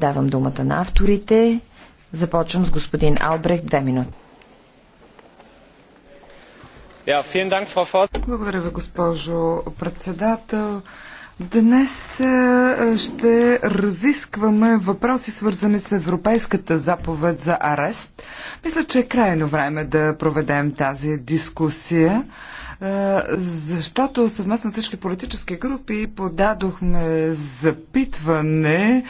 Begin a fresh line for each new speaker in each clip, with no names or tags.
Давам думата на авторите. Започвам с господин Албрехт. Две минути.
Благодаря ви, госпожо председател. Днес е, ще разискваме въпроси, свързани с Европейската заповед за арест. Мисля, че е крайно време да проведем тази дискусия, е, защото съвместно всички политически групи подадохме запитване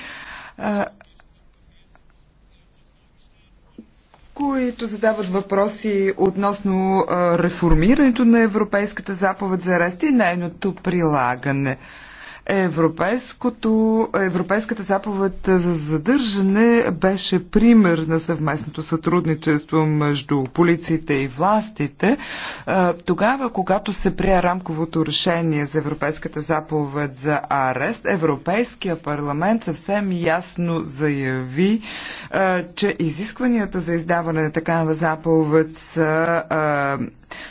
които задават въпроси относно реформирането на Европейската заповед за арест и нейното прилагане. Европейското, Европейската заповед за задържане беше пример на съвместното сътрудничество между полициите и властите. Тогава, когато се прие рамковото решение за Европейската заповед за арест, Европейския парламент съвсем ясно заяви, че изискванията за издаване на такава заповед са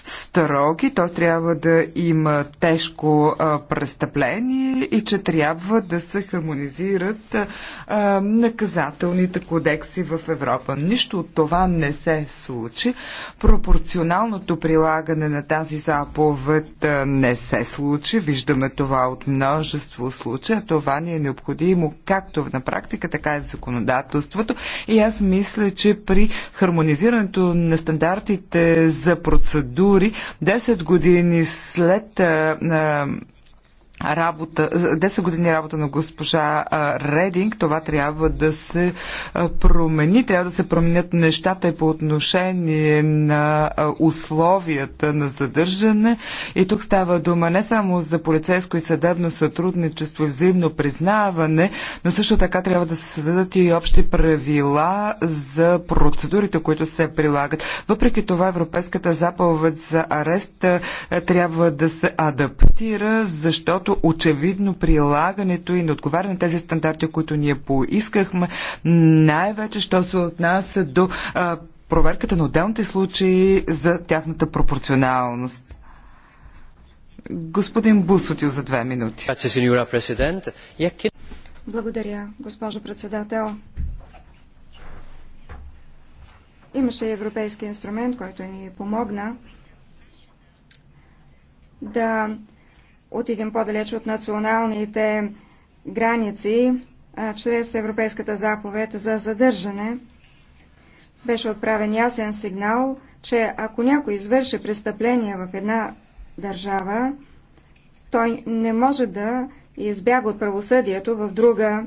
строги, т.е. трябва да има тежко престъпление и че трябва да се хармонизират а, наказателните кодекси в Европа. Нищо от това не се случи. Пропорционалното прилагане на тази заповед а, не се случи. Виждаме това от множество случая. Това ни е необходимо както на практика, така и в законодателството. И аз мисля, че при хармонизирането на стандартите за процедури 10 години след а, работа, 10 години работа на госпожа Рединг, това трябва да се промени, трябва да се променят нещата и по отношение на условията на задържане. И тук става дума не само за полицейско и съдебно сътрудничество и взаимно признаване, но също така трябва да се създадат и общи правила за процедурите, които се прилагат. Въпреки това Европейската заповед за арест трябва да се адаптира, защото защото очевидно прилагането и не отговаря на тези стандарти, които ние поискахме, най-вече, що се отнася до а, проверката на отделните случаи за тяхната пропорционалност. Господин Бусотил за две минути.
Благодаря, госпожо председател. Имаше и европейски инструмент, който ни помогна да отидем по-далеч от националните граници а, чрез Европейската заповед за задържане. Беше отправен ясен сигнал, че ако някой извърши престъпление в една държава, той не може да избяга от правосъдието в друга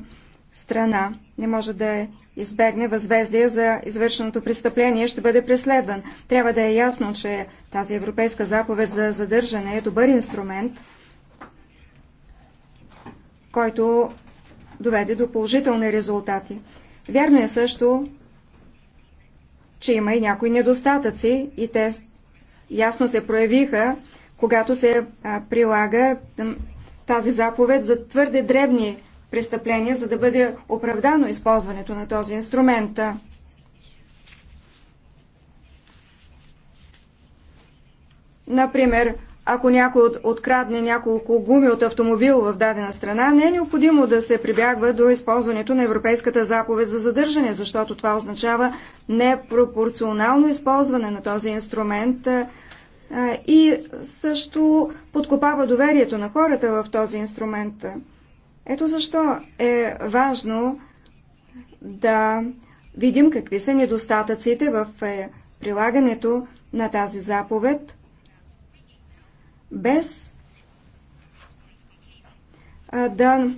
страна, не може да избегне възвездие за извършеното престъпление, ще бъде преследван. Трябва да е ясно, че тази европейска заповед за задържане е добър инструмент – който доведе до положителни резултати. Вярно е също, че има и някои недостатъци и те ясно се проявиха, когато се прилага тази заповед за твърде дребни престъпления, за да бъде оправдано използването на този инструмент. Например, ако някой открадне няколко гуми от автомобил в дадена страна, не е необходимо да се прибягва до използването на Европейската заповед за задържане, защото това означава непропорционално използване на този инструмент и също подкопава доверието на хората в този инструмент. Ето защо е важно да видим какви са недостатъците в е, прилагането на тази заповед – без да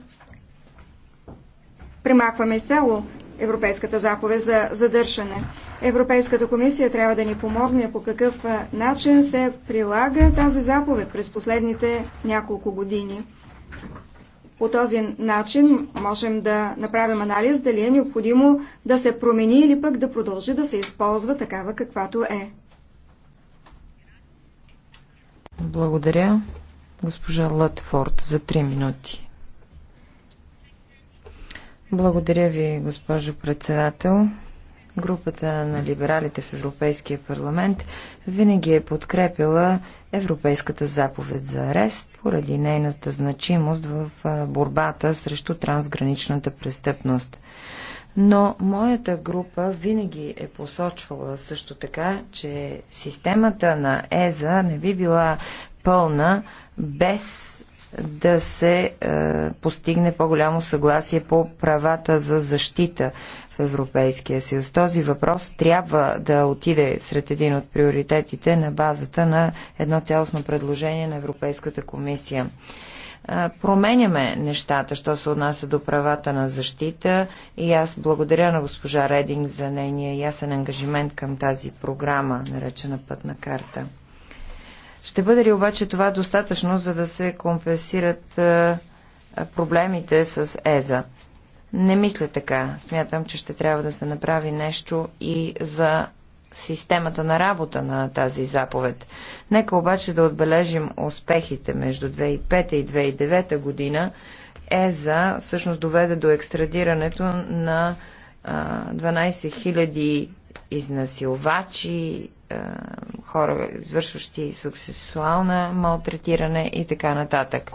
премахваме изцяло Европейската заповед за задържане. Европейската комисия трябва да ни помогне по какъв начин се прилага тази заповед през последните няколко години. По този начин можем да направим анализ дали е необходимо да се промени или пък да продължи да се използва такава каквато е.
Благодаря. Госпожа Латфорд за 3 минути. Благодаря ви, госпожо председател. Групата на либералите в Европейския парламент винаги е подкрепила Европейската заповед за арест поради нейната значимост в борбата срещу трансграничната престъпност но моята група винаги е посочвала също така, че системата на ЕЗА не би била пълна без да се е, постигне по-голямо съгласие по правата за защита в Европейския съюз. Този въпрос трябва да отиде сред един от приоритетите на базата на едно цялостно предложение на Европейската комисия променяме нещата, що се отнася до правата на защита и аз благодаря на госпожа Рединг за нейния ясен ангажимент към тази програма, наречена пътна карта. Ще бъде ли обаче това достатъчно, за да се компенсират проблемите с ЕЗА? Не мисля така. Смятам, че ще трябва да се направи нещо и за системата на работа на тази заповед. Нека обаче да отбележим успехите между 2005 и 2009 година. ЕЗА всъщност доведе до екстрадирането на 12 000 изнасилвачи, хора, извършващи сексуална малтретиране и така нататък.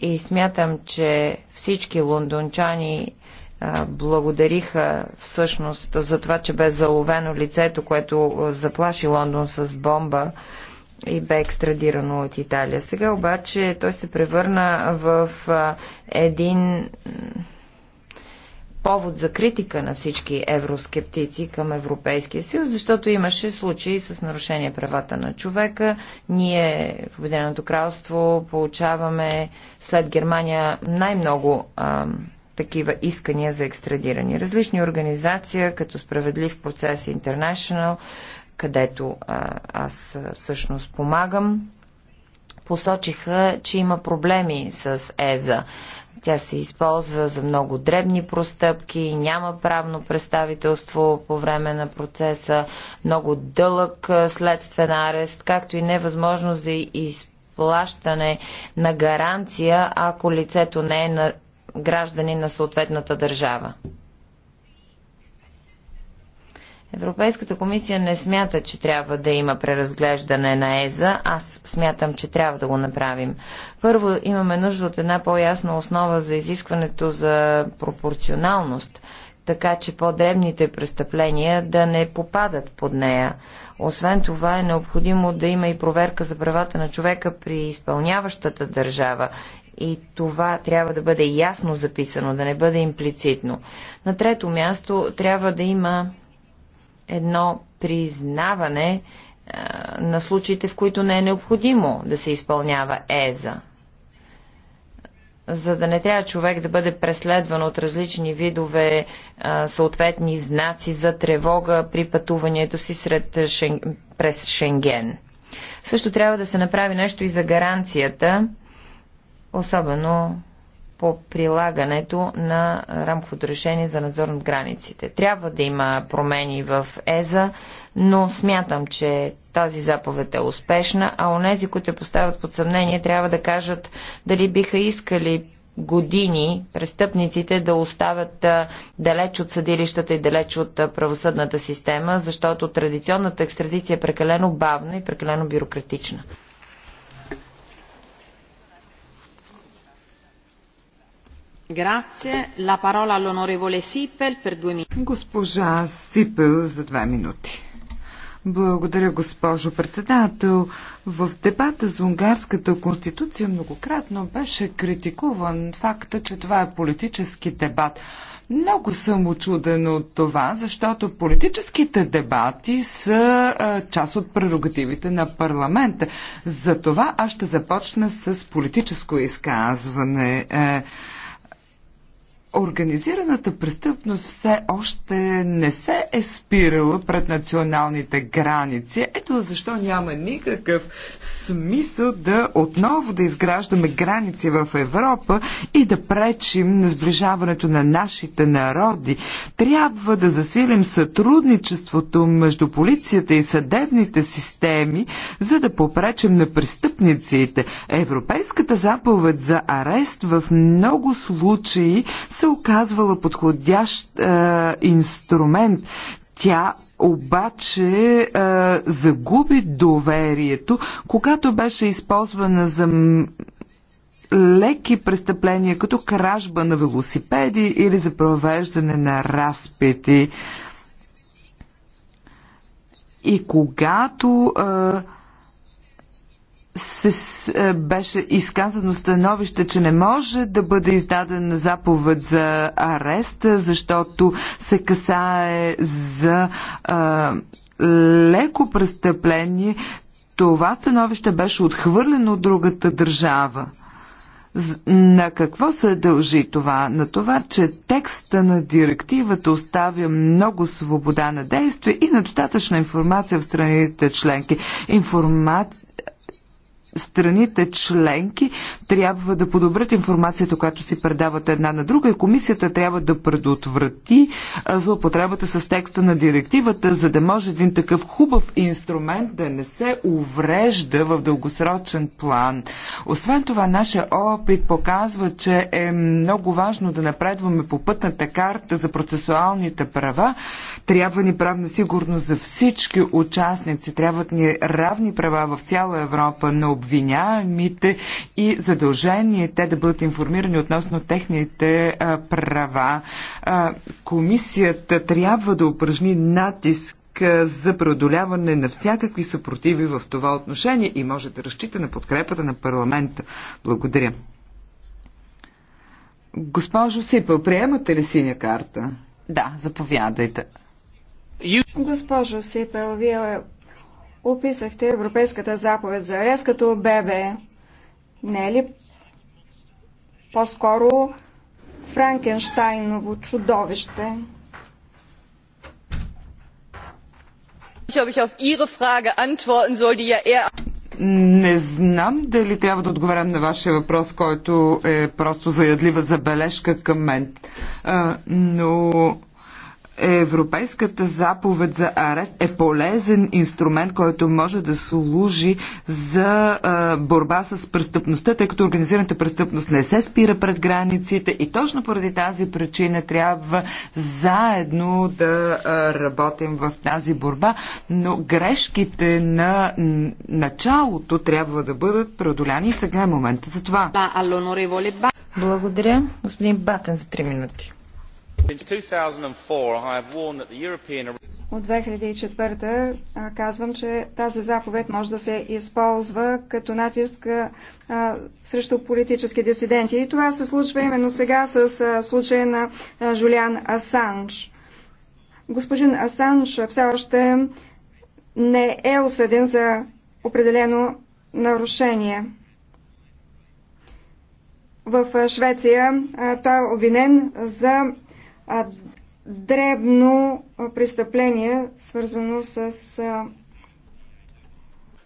И смятам, че всички лондончани благодариха всъщност за това, че бе заловено лицето, което заплаши Лондон с бомба и бе екстрадирано от Италия. Сега обаче той се превърна в един повод за критика на всички евроскептици към Европейския съюз, защото имаше случаи с нарушение правата на човека. Ние в Обединеното кралство получаваме след Германия най-много такива искания за екстрадирани. Различни организации, като Справедлив процес International, където а, аз всъщност помагам, посочиха, че има проблеми с ЕЗА. Тя се използва за много дребни простъпки, няма правно представителство по време на процеса, много дълъг следствен арест, както и невъзможност за изплащане на гаранция, ако лицето не е на граждани на съответната държава. Европейската комисия не смята, че трябва да има преразглеждане на ЕЗА. Аз смятам, че трябва да го направим. Първо, имаме нужда от една по-ясна основа за изискването за пропорционалност, така че по-дребните престъпления да не попадат под нея. Освен това е необходимо да има и проверка за правата на човека при изпълняващата държава и това трябва да бъде ясно записано, да не бъде имплицитно. На трето място трябва да има едно признаване а, на случаите, в които не е необходимо да се изпълнява ЕЗА. За да не трябва човек да бъде преследван от различни видове а, съответни знаци за тревога при пътуването си сред Шен... през Шенген. Също трябва да се направи нещо и за гаранцията особено по прилагането на рамковото решение за надзор над границите. Трябва да има промени в ЕЗА, но смятам, че тази заповед е успешна, а онези, които поставят под съмнение, трябва да кажат дали биха искали години престъпниците да оставят далеч от съдилищата и далеч от правосъдната система, защото традиционната екстрадиция е прекалено бавна и прекалено бюрократична.
Госпожа Сипел за две минути. Благодаря, госпожо председател. В дебата за унгарската конституция многократно беше критикуван факта, че това е политически дебат. Много съм очудена от това, защото политическите дебати са а, част от прерогативите на парламента. За това аз ще започна с политическо изказване. Е, Организираната престъпност все още не се е спирала пред националните граници. Ето защо няма никакъв смисъл да отново да изграждаме граници в Европа и да пречим на сближаването на нашите народи. Трябва да засилим сътрудничеството между полицията и съдебните системи, за да попречим на престъпниците. Европейската заповед за арест в много случаи се оказвала подходящ а, е, инструмент. Тя обаче а, е, загуби доверието, когато беше използвана за леки престъпления, като кражба на велосипеди или за провеждане на разпити. И когато а, е, се, е, беше изказано становище, че не може да бъде издаден заповед за арест, защото се касае за а, е, леко престъпление. Това становище беше отхвърлено от другата държава. На какво се дължи това? На това, че текста на директивата оставя много свобода на действие и недостатъчна информация в страните членки. Информация страните членки трябва да подобрят информацията, която си предават една на друга и комисията трябва да предотврати злоупотребата с текста на директивата, за да може един такъв хубав инструмент да не се уврежда в дългосрочен план. Освен това, нашия опит показва, че е много важно да напредваме по пътната карта за процесуалните права. Трябва ни правна сигурност за всички участници, трябват ни равни права в цяла Европа но обвиняемите и задължение те да бъдат информирани относно техните а, права. А, комисията трябва да упражни натиск за преодоляване на всякакви съпротиви в това отношение и може да разчита на подкрепата на парламента. Благодаря. Госпожо Сипъл, приемате ли синя карта? Да, заповядайте.
Госпожо Сипел, вие описахте Европейската заповед за арест като бебе. Не е ли по-скоро Франкенштайново чудовище?
Не знам дали трябва да отговарям на вашия въпрос, който е просто заядлива забележка към мен. но Европейската заповед за арест е полезен инструмент, който може да служи за борба с престъпността, тъй като организираната престъпност не се спира пред границите и точно поради тази причина трябва заедно да работим в тази борба, но грешките на началото трябва да бъдат преодоляни и сега е момента за това.
Благодаря.
Господин Батен за 3 минути.
От 2004 казвам, че тази заповед може да се използва като натиск срещу политически дисиденти. И това се случва именно сега с случая на Жулиан Асанж. Господин Асанж все още не е осъден за определено нарушение. В Швеция той е обвинен за а, дребно престъпление, свързано с а,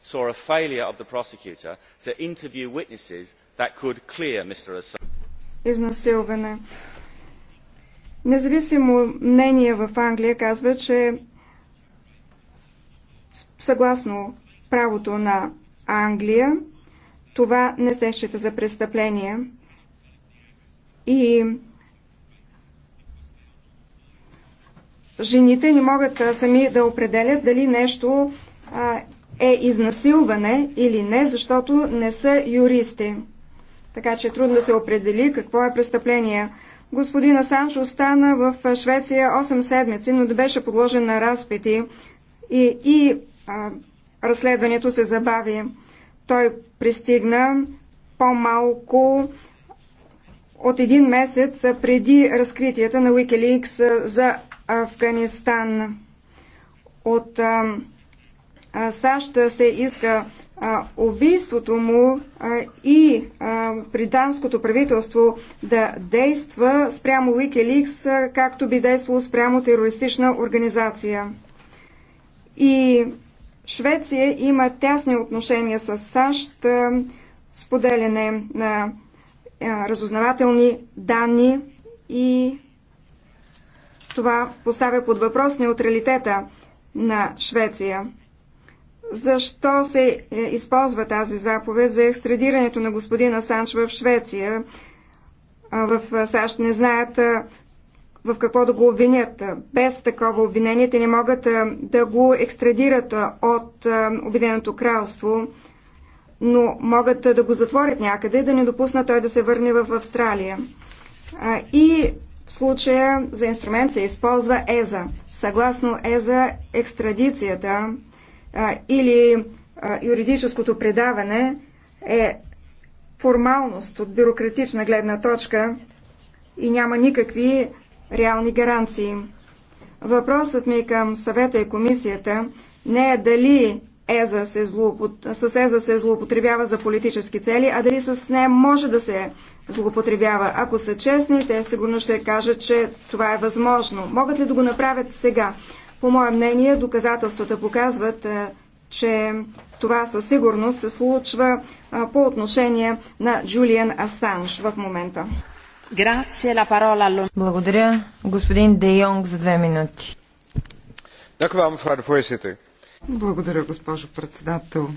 saw a failure of the prosecutor to interview witnesses that could clear Mr.
Изнасилване. Независимо мнение в Англия казва, че съгласно правото на Англия, това не се счита за престъпление. И Жените не могат сами да определят дали нещо е изнасилване или не, защото не са юристи. Така че трудно да се определи какво е престъпление. Господин Асанш остана в Швеция 8 седмици, но да беше подложен на разпити и, и а, разследването се забави. Той пристигна по-малко от един месец преди разкритията на Wikileaks за Афганистан. От а, а, САЩ се иска а, убийството му а, и а, британското правителство да действа спрямо Wikileaks, а, както би действало спрямо терористична организация. И Швеция има тясни отношения с САЩ, а, споделяне на а, разузнавателни данни и това поставя под въпрос неутралитета на Швеция. Защо се е, използва тази заповед за екстрадирането на господина Санч в Швеция? В САЩ не знаят в какво да го обвинят. Без такова обвинение те не могат да го екстрадират от Обединеното кралство, но могат да го затворят някъде, да не допуснат той да се върне в Австралия. И в случая за инструмент се използва ЕЗА. Съгласно ЕЗА, екстрадицията а, или а, юридическото предаване е формалност от бюрократична гледна точка и няма никакви реални гаранции. Въпросът ми към съвета и комисията не е дали ЕЗА се злоупот... с ЕЗА се злоупотребява за политически цели, а дали с нея може да се злоупотребява. Ако са честни, те сигурно ще кажат, че това е възможно. Могат ли да го направят сега? По мое мнение, доказателствата показват, е, че това със сигурност се случва е, по отношение на Джулиан Асанж в момента.
Благодаря. Господин Де Йонг за две минути. Благодаря,
госпожо председател.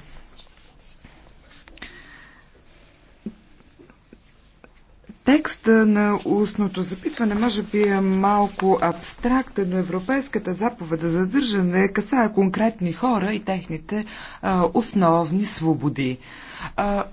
Текста на устното запитване може би е малко абстрактен, но Европейската заповед за задържане касае конкретни хора и техните а, основни свободи. А,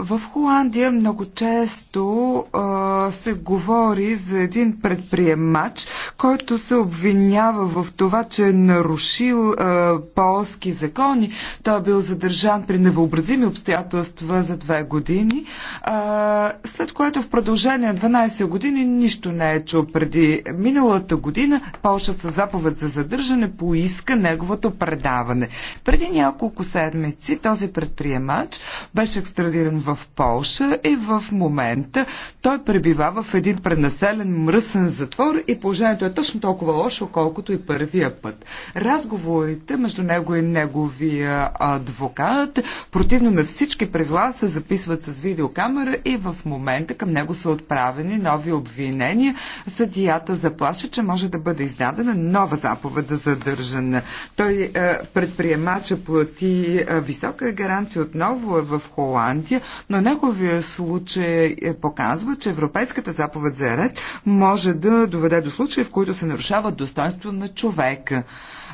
в Холандия много често а, се говори за един предприемач, който се обвинява в това, че е нарушил а, полски закони. Той е бил задържан при невъобразими обстоятелства за две години, а, след което в продължение на 12 години нищо не е чул. Преди миналата година Полша със заповед за задържане поиска неговото предаване. Преди няколко седмици този предприемач беше екстрадиран в в Полша и в момента той пребива в един пренаселен мръсен затвор и положението е точно толкова лошо, колкото и първия път. Разговорите между него и неговия адвокат, противно на всички правила, се записват с видеокамера и в момента към него са отправени нови обвинения. Съдията заплаща, че може да бъде издадена нова заповед за задържане. Той е, предприемача плати е, висока е гаранция отново е в Холандия, но неговия случай е, показва, че Европейската заповед за арест може да доведе до случаи, в които се нарушава достоинство на човека.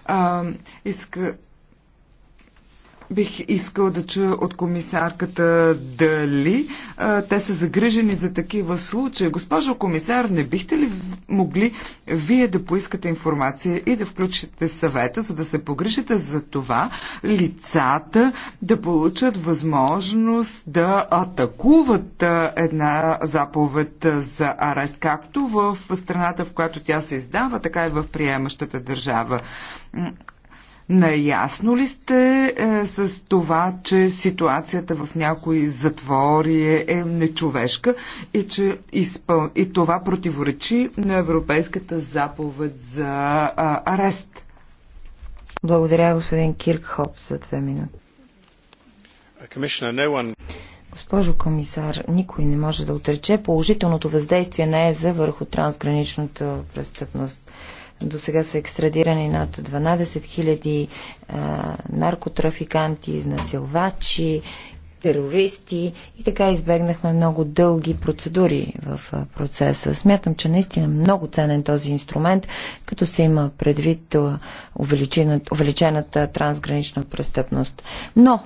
А, иска, Бих искала да чуя от комисарката дали а, те са загрижени за такива случаи. Госпожо комисар, не бихте ли могли вие да поискате информация и да включите съвета, за да се погрижите за това лицата да получат възможност да атакуват една заповед за арест, както в страната, в която тя се издава, така и в приемащата държава? Наясно ли сте е, с това, че ситуацията в някои затвори е, е нечовешка и че изпъл... и това противоречи на Европейската заповед за а, арест? Благодаря,
господин Кирк Хоп, за две минути.
Uh,
Госпожо комисар, никой не може да отрече положителното въздействие на ЕЗА върху трансграничната престъпност. До сега са екстрадирани над 12 000 а, наркотрафиканти, изнасилвачи, терористи и така избегнахме много дълги процедури в процеса. Смятам, че наистина много ценен този инструмент, като се има предвид увеличената трансгранична престъпност. Но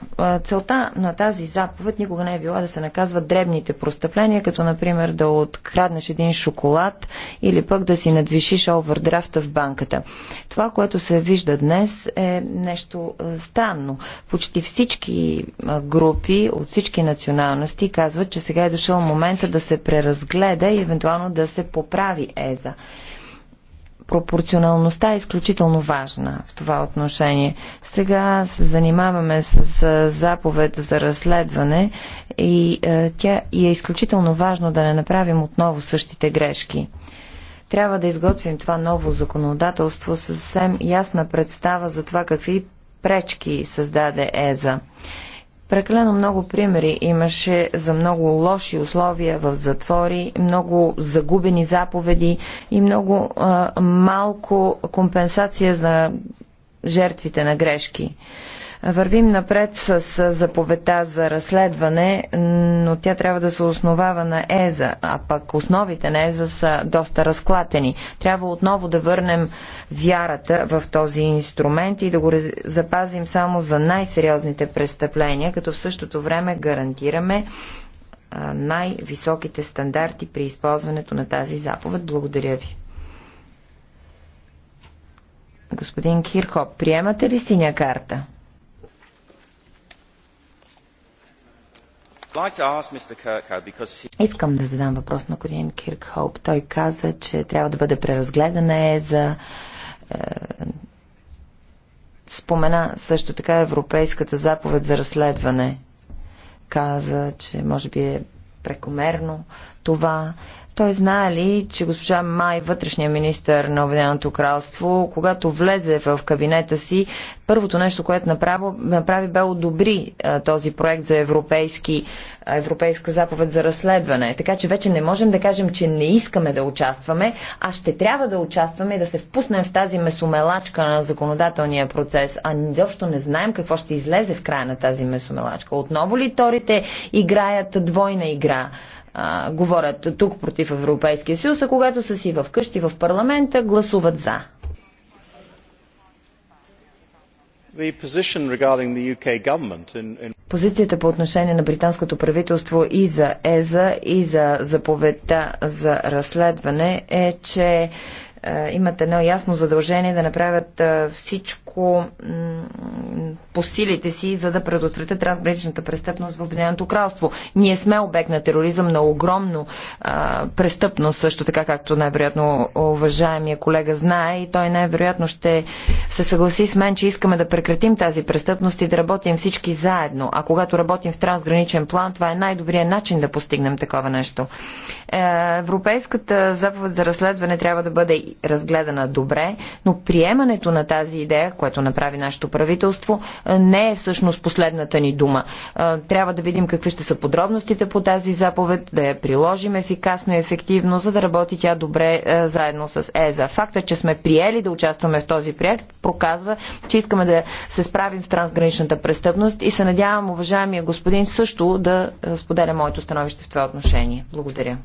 целта на тази заповед никога не е била да се наказват дребните престъпления, като например да откраднеш един шоколад или пък да си надвишиш овърдрафта в банката. Това, което се вижда днес е нещо странно. Почти всички групи от всички националности казват, че сега е дошъл момента да се преразгледа и евентуално да се поправи ЕЗА. Пропорционалността е изключително важна в това отношение. Сега се занимаваме с, заповед за разследване и, е, тя, и е изключително важно да не направим отново същите грешки трябва да изготвим това ново законодателство съвсем ясна представа за това какви пречки създаде ЕЗА. Прекалено много примери имаше за много лоши условия в затвори, много загубени заповеди и много а, малко компенсация за жертвите на грешки. Вървим напред с заповедта за разследване, но тя трябва да се основава на ЕЗА, а пък основите на ЕЗА са доста разклатени. Трябва отново да върнем вярата в този инструмент и да го запазим само за най-сериозните престъпления, като в същото време гарантираме най-високите стандарти при използването на тази заповед. Благодаря ви. Господин Кирхоп, приемате ли синя карта?
Искам да задам
въпрос на господин Кирк Хоуп. Той каза, че трябва да бъде преразгледане за е, спомена също така Европейската заповед за разследване. Каза, че може би е прекомерно това. Той знае ли, че госпожа Май, вътрешния министр на Обединеното кралство, когато влезе в кабинета си, първото нещо, което направи, направи бе одобри този проект за европейски, европейска заповед за разследване. Така че вече не можем да кажем, че не искаме да участваме, а ще трябва да участваме и да се впуснем в тази месомелачка на законодателния процес. А изобщо не знаем какво ще излезе в края на тази месомелачка. Отново ли торите играят двойна игра? а, говорят тук против Европейския съюз, а когато са си вкъщи в парламента, гласуват за. Позицията по отношение на британското правителство и за ЕЗА, и за заповедта за разследване е, че е, имат едно ясно задължение да направят е, всичко по силите си, за да предотвратят трансграничната престъпност в Обединеното кралство. Ние сме обект на тероризъм, на огромно е, престъпност, също така, както най-вероятно уважаемия колега знае и той най-вероятно ще се съгласи с мен, че искаме да прекратим тази престъпност и да работим всички заедно. А когато работим в трансграничен план, това е най-добрият начин да постигнем такова нещо. Европейската заповед за разследване трябва да бъде разгледана добре, но приемането на тази идея, което направи нашето правителство, е, не е всъщност последната ни дума. Е, трябва да видим какви ще са подробностите по тази заповед, да я приложим ефикасно и ефективно, за да работи тя добре е, заедно с ЕЗА. Факта, че сме приели да участваме в този проект, проказва, че искаме да се справим с трансграничната престъпност и се надявам, уважаемия господин, също да споделя моето становище в това отношение. Благодаря.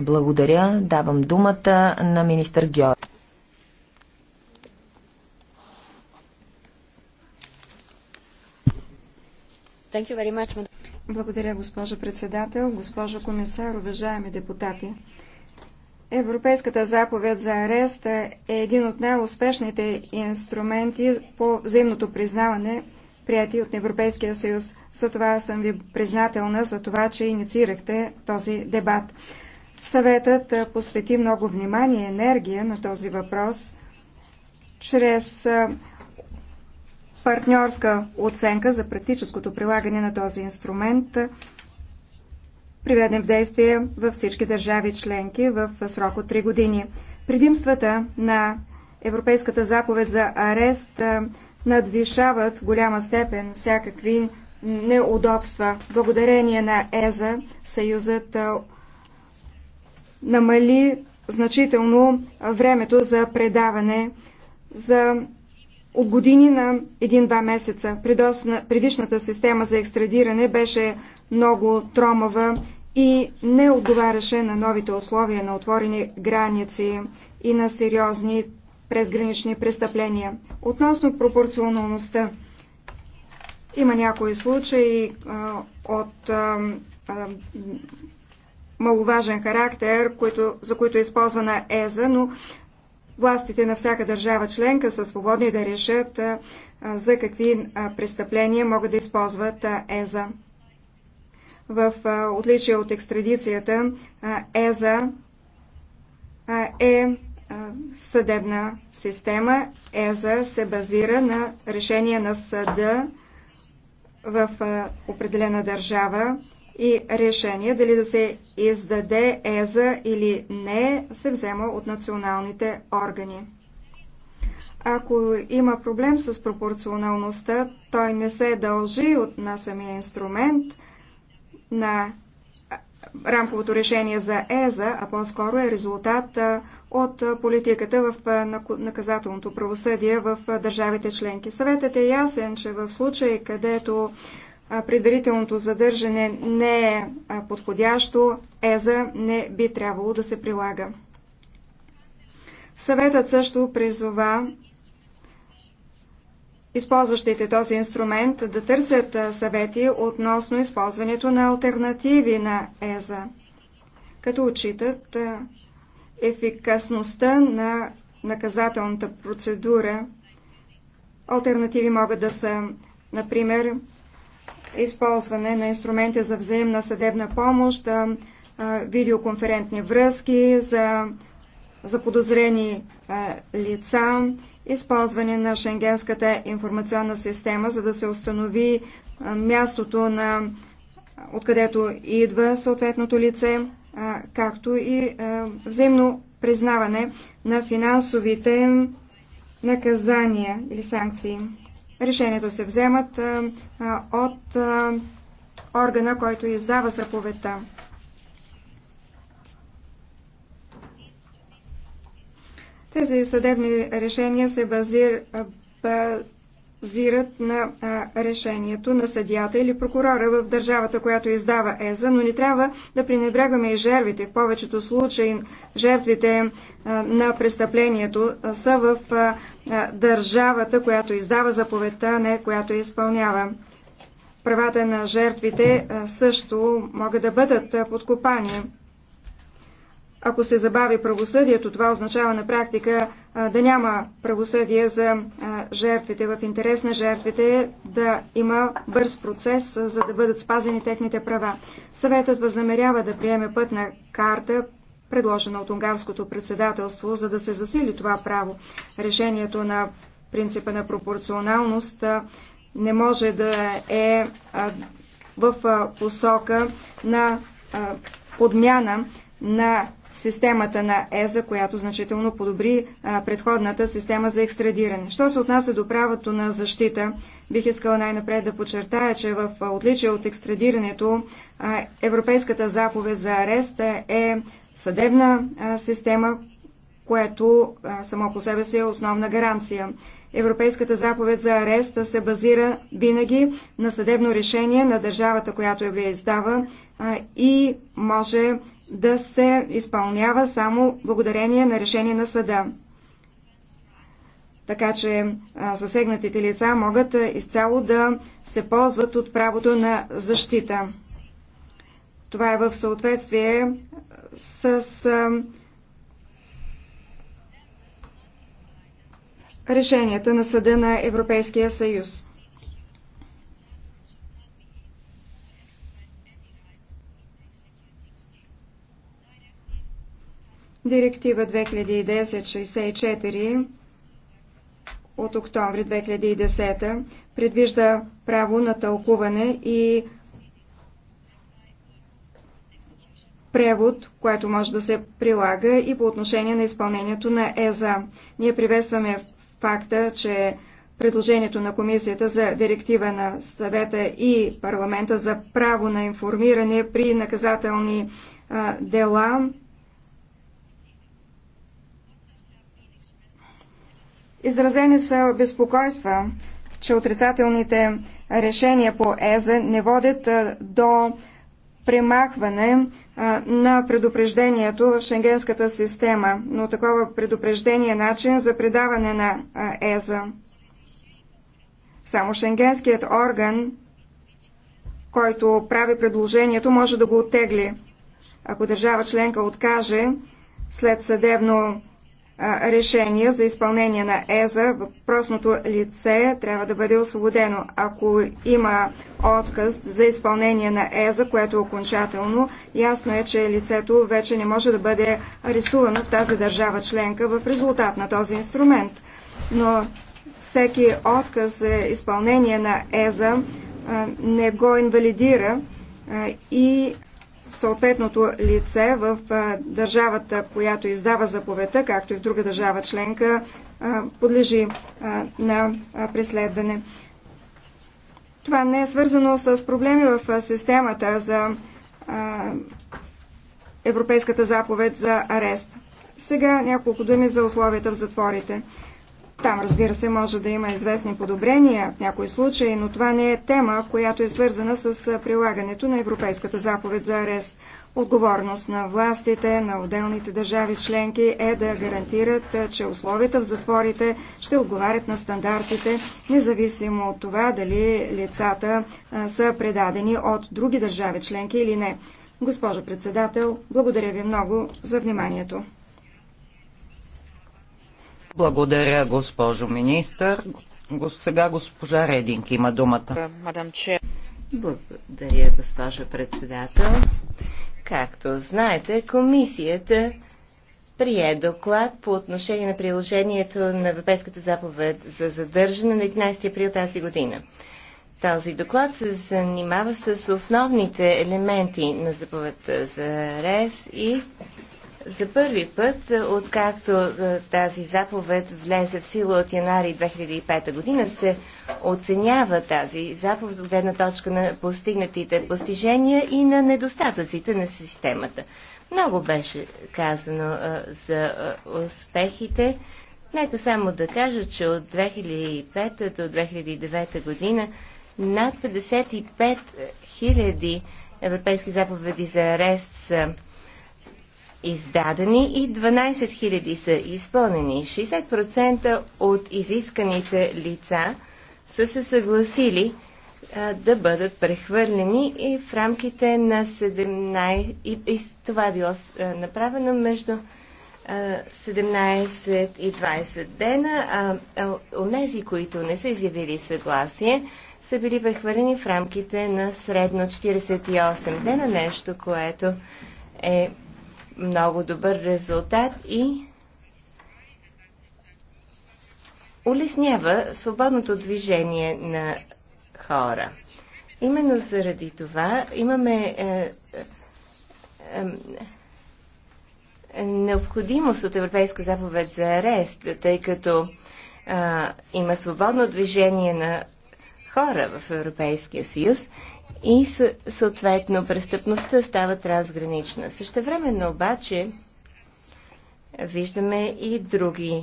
Благодаря. Давам думата на министър Георг.
Благодаря, госпожо председател, госпожо комисар, уважаеми депутати. Европейската заповед за арест е един от най-успешните инструменти по взаимното признаване, прияти от Европейския съюз. За това съм ви признателна, за това, че инициирахте този дебат. Съветът посвети много внимание и енергия на този въпрос чрез партньорска оценка за практическото прилагане на този инструмент, приведен в действие във всички държави членки в срок от 3 години. Предимствата на Европейската заповед за арест надвишават в голяма степен всякакви неудобства. Благодарение на ЕЗА Съюзът намали значително времето за предаване за от години на един-два месеца. Предишната система за екстрадиране беше много тромава и не отговаряше на новите условия на отворени граници и на сериозни презгранични престъпления. Относно пропорционалността, има някои случаи а, от а, а, маловажен характер, които, за които е използвана ЕЗА, но властите на всяка държава членка са свободни да решат за какви престъпления могат да използват ЕЗА. В отличие от екстрадицията, ЕЗА е съдебна система. ЕЗА се базира на решение на съда в определена държава и решение дали да се издаде ЕЗА или не се взема от националните органи. Ако има проблем с пропорционалността, той не се дължи от на самия инструмент на рамковото решение за ЕЗА, а по-скоро е резултат от политиката в наказателното правосъдие в държавите членки. Съветът е ясен, че в случай, където предварителното задържане не е подходящо, ЕЗА не би трябвало да се прилага. Съветът също призова използващите този инструмент да търсят съвети относно използването на альтернативи на ЕЗА, като отчитат ефикасността на наказателната процедура. Альтернативи могат да са, например, използване на инструменти за взаимна съдебна помощ, видеоконферентни връзки за, за подозрени лица, използване на Шенгенската информационна система, за да се установи мястото на откъдето идва съответното лице, както и взаимно признаване на финансовите наказания или санкции. Решенията се вземат от органа, който издава заповедта. Тези съдебни решения се базират базират на а, решението на съдията или прокурора в държавата, която издава ЕЗА, но не трябва да пренебрегваме и жертвите. В повечето случаи жертвите а, на престъплението а, са в а, а, държавата, която издава заповедта, а не която я изпълнява. Правата на жертвите а, също могат да бъдат а, подкопани. Ако се забави правосъдието, това означава на практика да няма правосъдие за жертвите. В интерес на жертвите е да има бърз процес, за да бъдат спазени техните права. Съветът възнамерява да приеме пътна карта, предложена от унгарското председателство, за да се засили това право. Решението на принципа на пропорционалност не може да е в посока на подмяна на системата на ЕЗА, която значително подобри а, предходната система за екстрадиране. Що се отнася до правото на защита, бих искала най-напред да подчертая, че в отличие от екстрадирането, а, Европейската заповед за арест е съдебна а, система, което само по себе си е основна гаранция. Европейската заповед за ареста се базира винаги на съдебно решение на държавата, която я издава и може да се изпълнява само благодарение на решение на съда. Така че засегнатите лица могат изцяло да се ползват от правото на защита. Това е в съответствие с решенията на Съда на Европейския съюз. Директива 2010-64 от октомври 2010 предвижда право на тълкуване и превод, което може да се прилага и по отношение на изпълнението на ЕЗА. Ние приветстваме факта, че предложението на комисията за директива на съвета и парламента за право на информиране при наказателни а, дела Изразени са безпокойства, че отрицателните решения по ЕЗА не водят до премахване на предупреждението в шенгенската система, но такова предупреждение е начин за предаване на ЕЗА. Само шенгенският орган, който прави предложението, може да го оттегли. Ако държава членка откаже след съдебно решения за изпълнение на ЕЗА, въпросното лице трябва да бъде освободено. Ако има отказ за изпълнение на ЕЗА, което е окончателно, ясно е, че лицето вече не може да бъде арестувано в тази държава членка в резултат на този инструмент. Но всеки отказ за изпълнение на ЕЗА не го инвалидира и съответното лице в държавата, която издава заповедта, както и в друга държава членка, подлежи на преследване. Това не е свързано с проблеми в системата за Европейската заповед за арест. Сега няколко думи за условията в затворите. Там, разбира се, може да има известни подобрения в някои случаи, но това не е тема, която е свързана с прилагането на Европейската заповед за арест. Отговорност на властите на отделните държави членки е да гарантират, че условията в затворите ще отговарят на стандартите, независимо от това дали лицата са предадени от други държави членки или не. Госпожо председател, благодаря ви много за вниманието.
Благодаря, госпожо министър. Сега госпожа Рединг има думата.
Благодаря, госпожа председател. Както знаете, комисията прие доклад по отношение на приложението на Европейската заповед за задържане на 11 април тази година. Този доклад се занимава с основните елементи на заповедта за РЕС и за първи път, е, откакто е, тази заповед влезе в сила от януари 2005 година, се оценява тази заповед от гледна точка на постигнатите постижения и на недостатъците на системата. Много беше казано а, е, за а, успехите. Нека само да кажа, че от 2005 до 2009 година над 55 000 европейски заповеди за арест са издадени и 12 000 са изпълнени. 60% от изисканите лица са се съгласили а, да бъдат прехвърлени и в рамките на 17... И, и това е било а, направено между а, 17 и 20 дена. А, а, онези, които не са изявили съгласие, са били прехвърлени в рамките на средно 48 дена, нещо, което е много добър резултат и улеснява свободното движение на хора. Именно заради това имаме е, е, е, необходимост от Европейска заповед за арест, тъй като е, има свободно движение на хора в Европейския съюз и съответно престъпността става трансгранична. Същевременно обаче виждаме и други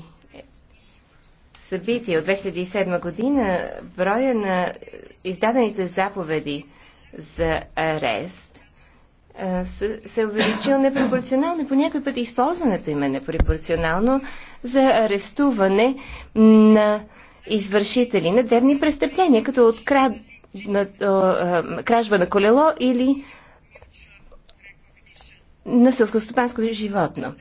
събития. От 2007 година броя на издадените заповеди за арест се е увеличил непропорционално. По някой път е използването им е непропорционално за арестуване на извършители на древни престъпления, като открад на, а, кражба на колело или на селскостопанско животно.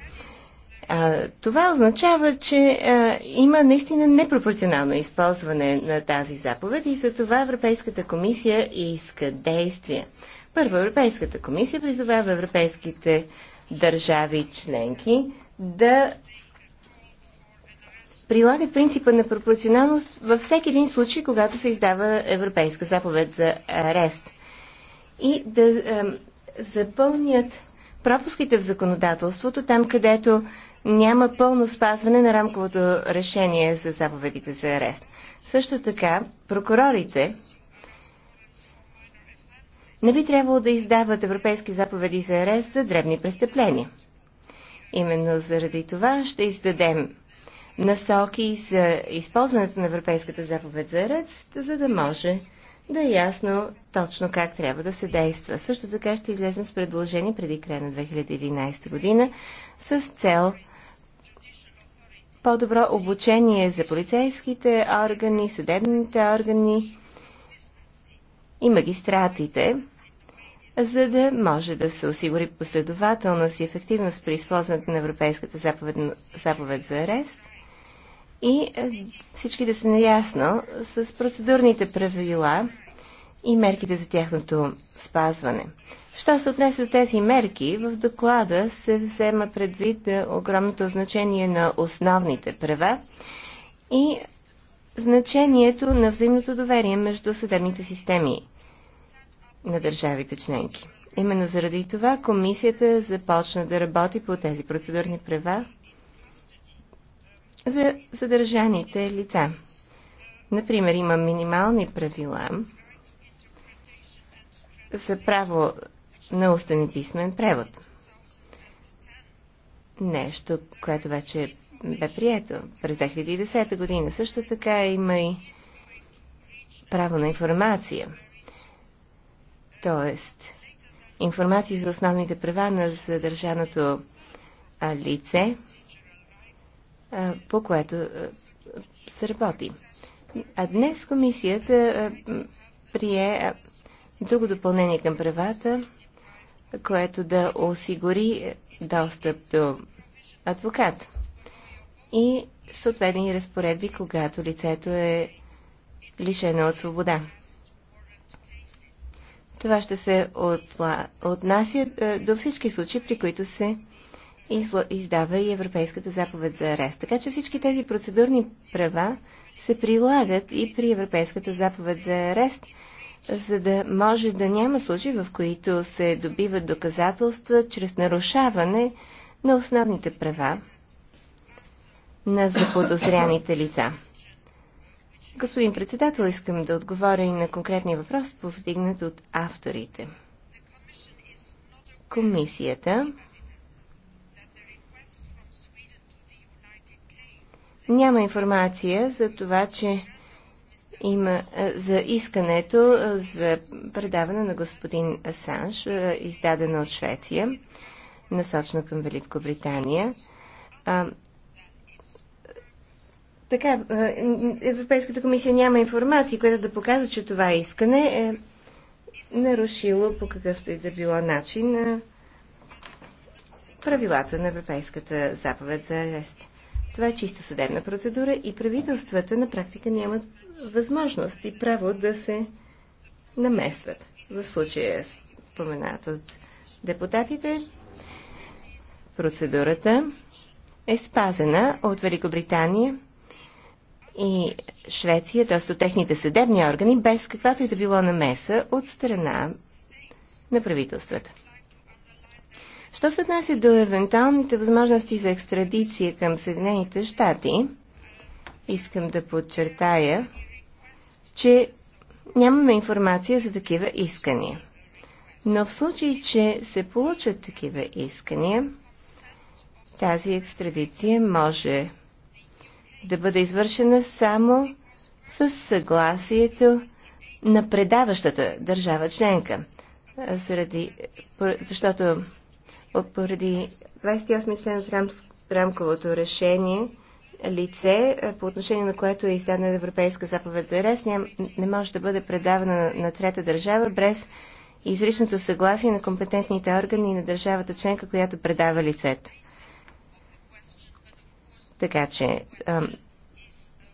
А, това означава, че а, има наистина непропорционално използване на тази заповед и за това Европейската комисия иска действия. Първо, Европейската комисия призовава европейските държави членки да прилагат принципа на пропорционалност във всеки един случай, когато се издава европейска заповед за арест и да е, запълнят пропуските в законодателството, там където няма пълно спазване на рамковото решение за заповедите за арест. Също така, прокурорите не би трябвало да издават европейски заповеди за арест за древни престъпления. Именно заради това ще издадем насоки за използването на Европейската заповед за арест, за да може да е ясно точно как трябва да се действа. Също така ще излезем с предложение преди края на 2011 година с цел по-добро обучение за полицейските органи, съдебните органи и магистратите, за да може да се осигури последователност и ефективност при използването на Европейската заповед, заповед за арест – и е, всички да са наясно с процедурните правила и мерките за тяхното спазване. Що се отнесе до тези мерки, в доклада се взема предвид е, огромното значение на основните права и значението на взаимното доверие между съдебните системи на държавите членки. Именно заради това комисията започна да работи по тези процедурни права за задържаните лица. Например, има минимални правила за право на устен и писмен превод. Нещо, което вече бе прието през 2010 година. Също така има и право на информация. Тоест, информация за основните права на задържаното лице – по което се работи. А днес комисията прие друго допълнение към правата, което да осигури достъп до адвокат и съответни разпоредби, когато лицето е лишено от свобода. Това ще се отнася до всички случаи, при които се издава и Европейската заповед за арест. Така че всички тези процедурни права се прилагат и при Европейската заповед за арест, за да може да няма случаи, в които се добиват доказателства чрез нарушаване на основните права на заподозряните лица. Господин председател, искам да отговоря и на конкретния въпрос, повдигнат от авторите. Комисията Няма информация за това, че има за искането за предаване на господин Асанж, издадено от Швеция, насочено към Великобритания. А, така, Европейската комисия няма информация, която да показва, че това искане е нарушило по какъвто и да било начин правилата на Европейската заповед за арести. Това е чисто съдебна процедура и правителствата на практика нямат възможност и право да се намесват. В случая е споменат от депутатите, процедурата е спазена от Великобритания и Швеция, т.е. от техните съдебни органи, без каквато и да било намеса от страна на правителствата. Що се отнася до евентуалните възможности за екстрадиция към Съединените щати, искам да подчертая, че нямаме информация за такива искания. Но в случай, че се получат такива искания, тази екстрадиция може да бъде извършена само с съгласието на предаващата държава членка, заради, защото поради 28 член от рам, рамковото решение лице, е, по отношение на което е издадена Европейска заповед за арест, не може да бъде предавана на трета държава без изричното съгласие на компетентните органи на държавата членка, която предава лицето. Така че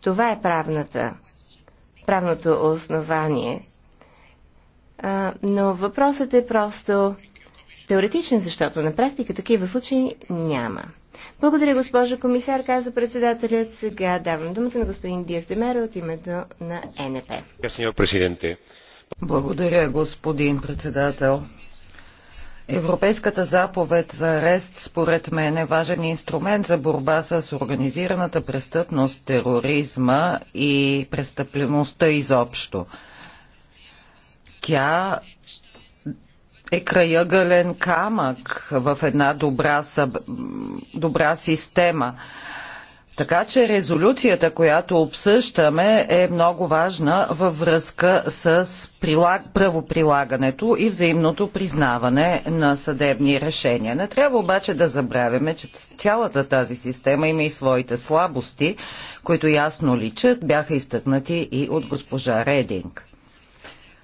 това е правната, правното основание. Но въпросът е просто теоретичен, защото на практика такива случаи няма. Благодаря, госпожа комисар, каза председателят. Сега давам думата на господин Диас Демера
от името на НП. Благодаря, господин председател. Европейската заповед за арест според мен е важен инструмент за борба с организираната престъпност, тероризма и престъплеността изобщо. Тя е краягълен камък в една добра, съб... добра система. Така че резолюцията, която обсъщаме, е много важна във връзка с прилаг... правоприлагането и взаимното признаване на съдебни решения. Не трябва обаче да забравяме, че цялата тази система има и своите слабости, които ясно личат, бяха изтъкнати и от госпожа Рединг.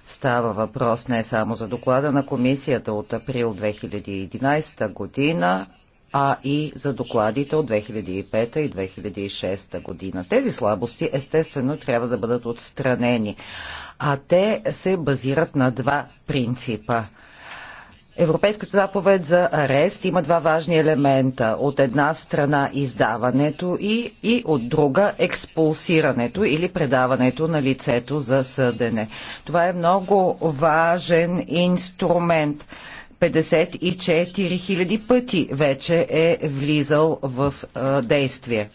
Става въпрос не само за доклада на комисията от април 2011 година, а и за докладите от 2005 и 2006 година. Тези слабости естествено трябва да бъдат отстранени, а те се базират на два принципа – Европейската заповед за арест има два важни елемента. От една страна издаването и, и от друга експулсирането или предаването на лицето за съдене. Това е много важен инструмент. 54 000 пъти вече е влизал в а, действие.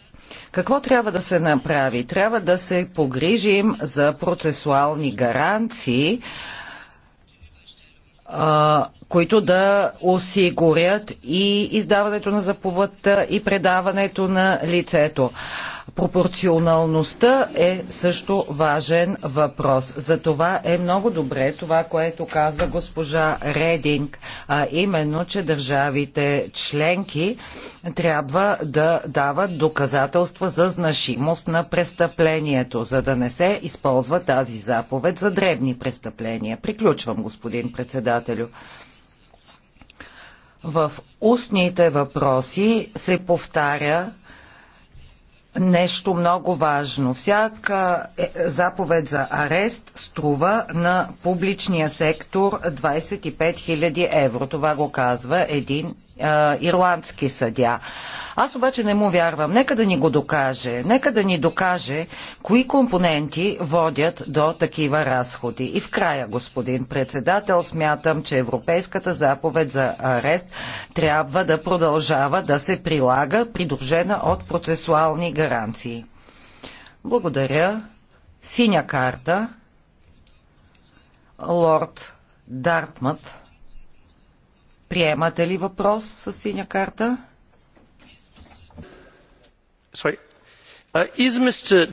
Какво трябва да се направи? Трябва да се погрижим за процесуални гаранции, а, които да осигурят и издаването на заповедта и предаването на лицето. Пропорционалността е също важен въпрос. За това е много добре това, което казва госпожа Рединг, а именно, че държавите членки трябва да дават доказателства за значимост на престъплението, за да не се използва тази заповед за дребни престъпления. Приключвам, господин председателю. В устните въпроси се повтаря нещо много важно. Всяка е, заповед за арест струва на публичния сектор 25 000 евро. Това го казва един ирландски съдя. Аз обаче не му вярвам. Нека да ни го докаже. Нека да ни докаже кои компоненти водят до такива разходи. И в края, господин председател, смятам, че Европейската заповед за арест трябва да продължава да се прилага, придружена от процесуални гаранции. Благодаря. Синя карта. Лорд Дартмът Приемате ли въпрос с синя карта?
Uh,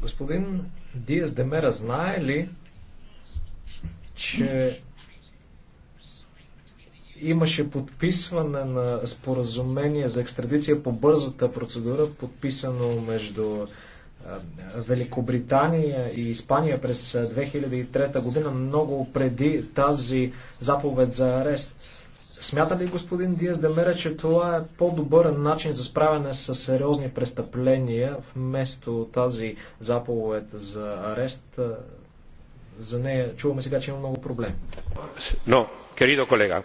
Господин Диас Демера знае ли, че имаше подписване на споразумение за екстрадиция по бързата процедура, подписано между Великобритания и Испания през 2003 година, много преди тази заповед за арест. Смята ли господин Диас Демера, че това е по-добър начин за справяне с сериозни престъпления, вместо тази заповед за арест? Е, за нея чуваме сега, че има много проблеми. Но, керидо колега,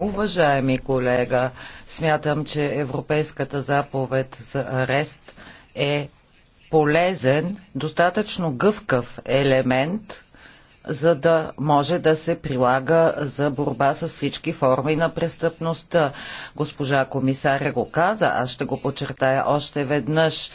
Уважаеми
колега, смятам, че Европейската заповед за арест е полезен, достатъчно гъвкав елемент, за да може да се прилага за борба с всички форми на престъпността. Госпожа комисаря го каза, аз ще го подчертая още веднъж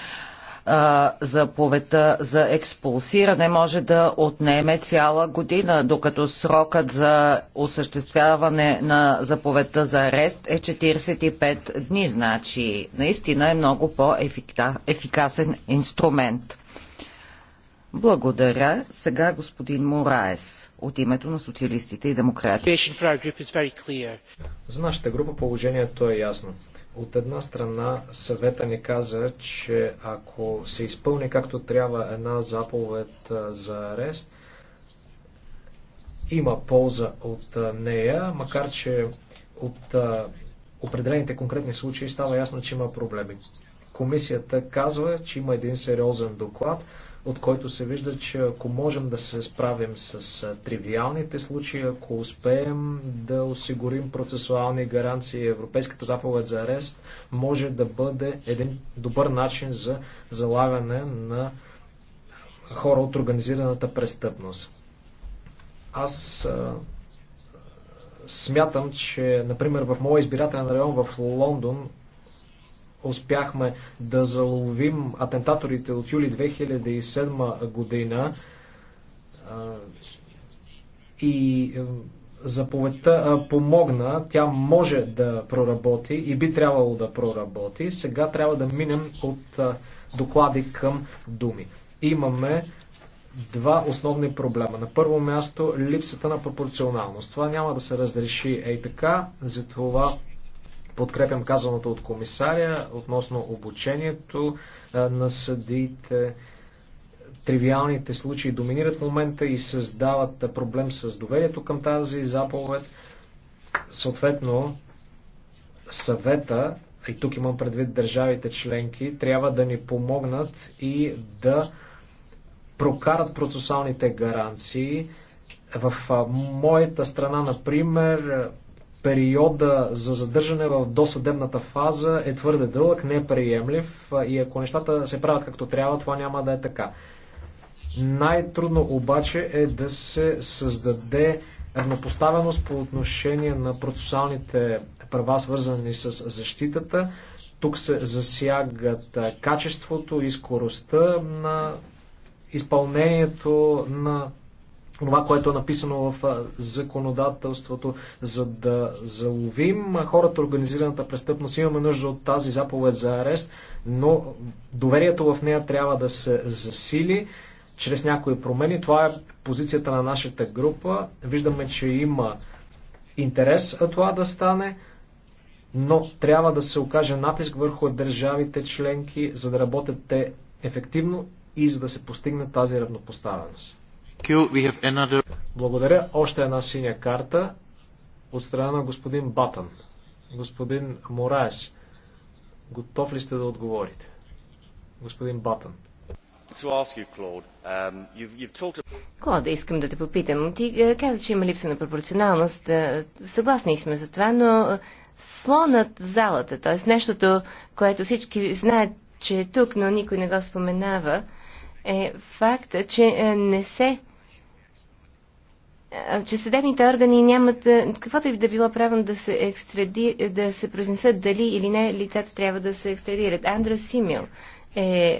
заповедта за експулсиране може да отнеме цяла година, докато срокът за осъществяване на заповедта за арест е 45 дни. Значи, наистина е много по-ефикасен инструмент. Благодаря. Сега господин Мораес
от името на социалистите и демократи. За нашата група положението е ясно. От една страна съвета ни каза, че ако се изпълни както трябва една заповед за арест, има полза от нея, макар че от определените конкретни случаи става ясно, че има проблеми. Комисията казва, че има един сериозен доклад, от който се вижда, че ако можем да се справим с тривиалните случаи, ако успеем да осигурим процесуални гаранции, Европейската заповед за арест може да бъде един добър начин за залавяне на хора от организираната престъпност. Аз смятам, че, например, в моя избирателен район в Лондон успяхме да заловим атентаторите от юли 2007 година и заповедта помогна, тя може да проработи и би трябвало да проработи. Сега трябва да минем от доклади към думи. Имаме два основни проблема. На първо място липсата на пропорционалност. Това няма да се разреши ей така, затова Подкрепям казаното от комисаря относно обучението на съдиите. Тривиалните случаи доминират в момента и създават проблем с доверието към тази заповед. Съответно, съвета, и тук имам предвид държавите членки, трябва да ни помогнат и да прокарат процесуалните гаранции. В моята страна, например, периода за задържане в досъдебната фаза е твърде дълъг, не е приемлив и ако нещата се правят както трябва, това няма да е така. Най-трудно обаче е да се създаде равнопоставеност по отношение на процесуалните права, свързани с защитата. Тук се засягат качеството и скоростта на изпълнението на това, което е написано в законодателството, за да заловим хората организираната престъпност. Имаме нужда от тази заповед за арест, но доверието в нея трябва да се засили чрез някои промени. Това е позицията на нашата група. Виждаме, че има интерес това да стане, но трябва да се окаже натиск върху държавите членки, за да работят те ефективно и за да се постигне тази равнопоставеност. Благодаря. Още една синя карта от страна на господин Батън. Господин Мораес, готов ли сте да отговорите? Господин Батън.
Um,
Клода,
искам да те попитам. Ти е, каза, че има липса на пропорционалност. Е, съгласни сме за това, но е, слонът в залата, т.е. нещото, което всички знаят, че е тук, но никой не го споменава, е факта, че не се че съдебните органи нямат каквото и да било правилно да се, екстради, да се произнесат дали или не лицата трябва да се екстрадират. Андра Симил е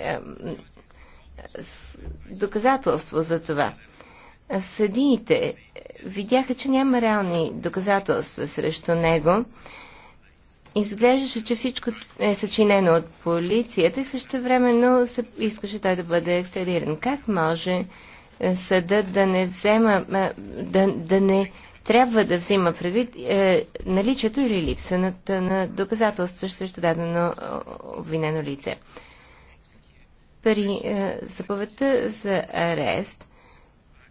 доказателство за това. Съдиите видяха, че няма реални доказателства срещу него. Изглеждаше, че всичко е съчинено от полицията и също времено се искаше той да бъде екстрадиран. Как може е, съдът да не взема, е, да, да не трябва да взима предвид е, наличието или липсата на доказателства срещу дадено е, обвинено лице. При е, заповедта за арест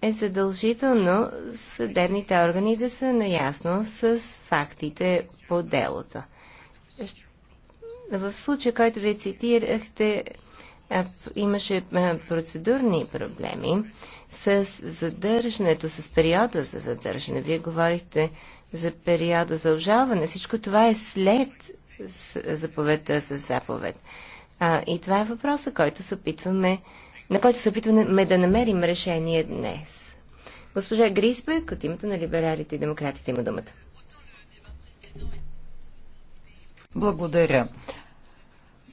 е задължително съдебните органи да са наясно с фактите по делото. В случая, който вие цитирахте, имаше процедурни проблеми с задържането, с периода за задържане. Вие говорихте за периода за обжалване. Всичко това е след заповедта с заповед. А, и това е въпроса, който се опитваме, на който се опитваме да намерим решение днес. Госпожа
Грисбек от името на либералите и демократите има думата. Благодаря.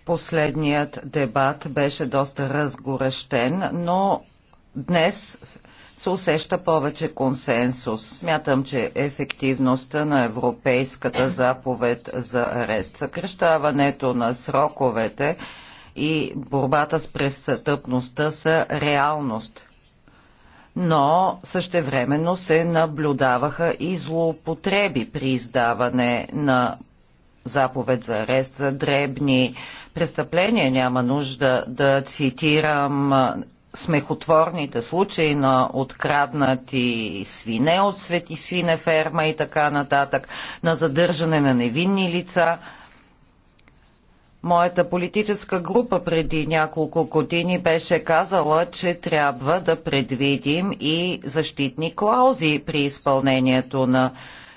Последният дебат беше доста разгорещен, но днес се усеща повече консенсус. Смятам, че ефективността на Европейската заповед за арест, съкрещаването на сроковете и борбата с престъпността са реалност. Но същевременно се наблюдаваха и злоупотреби при издаване на заповед за арест за дребни престъпления. Няма нужда да цитирам смехотворните случаи на откраднати свине от свети свинеферма и така нататък, на задържане на невинни лица. Моята политическа група преди няколко години беше казала, че трябва да предвидим и защитни клаузи при изпълнението на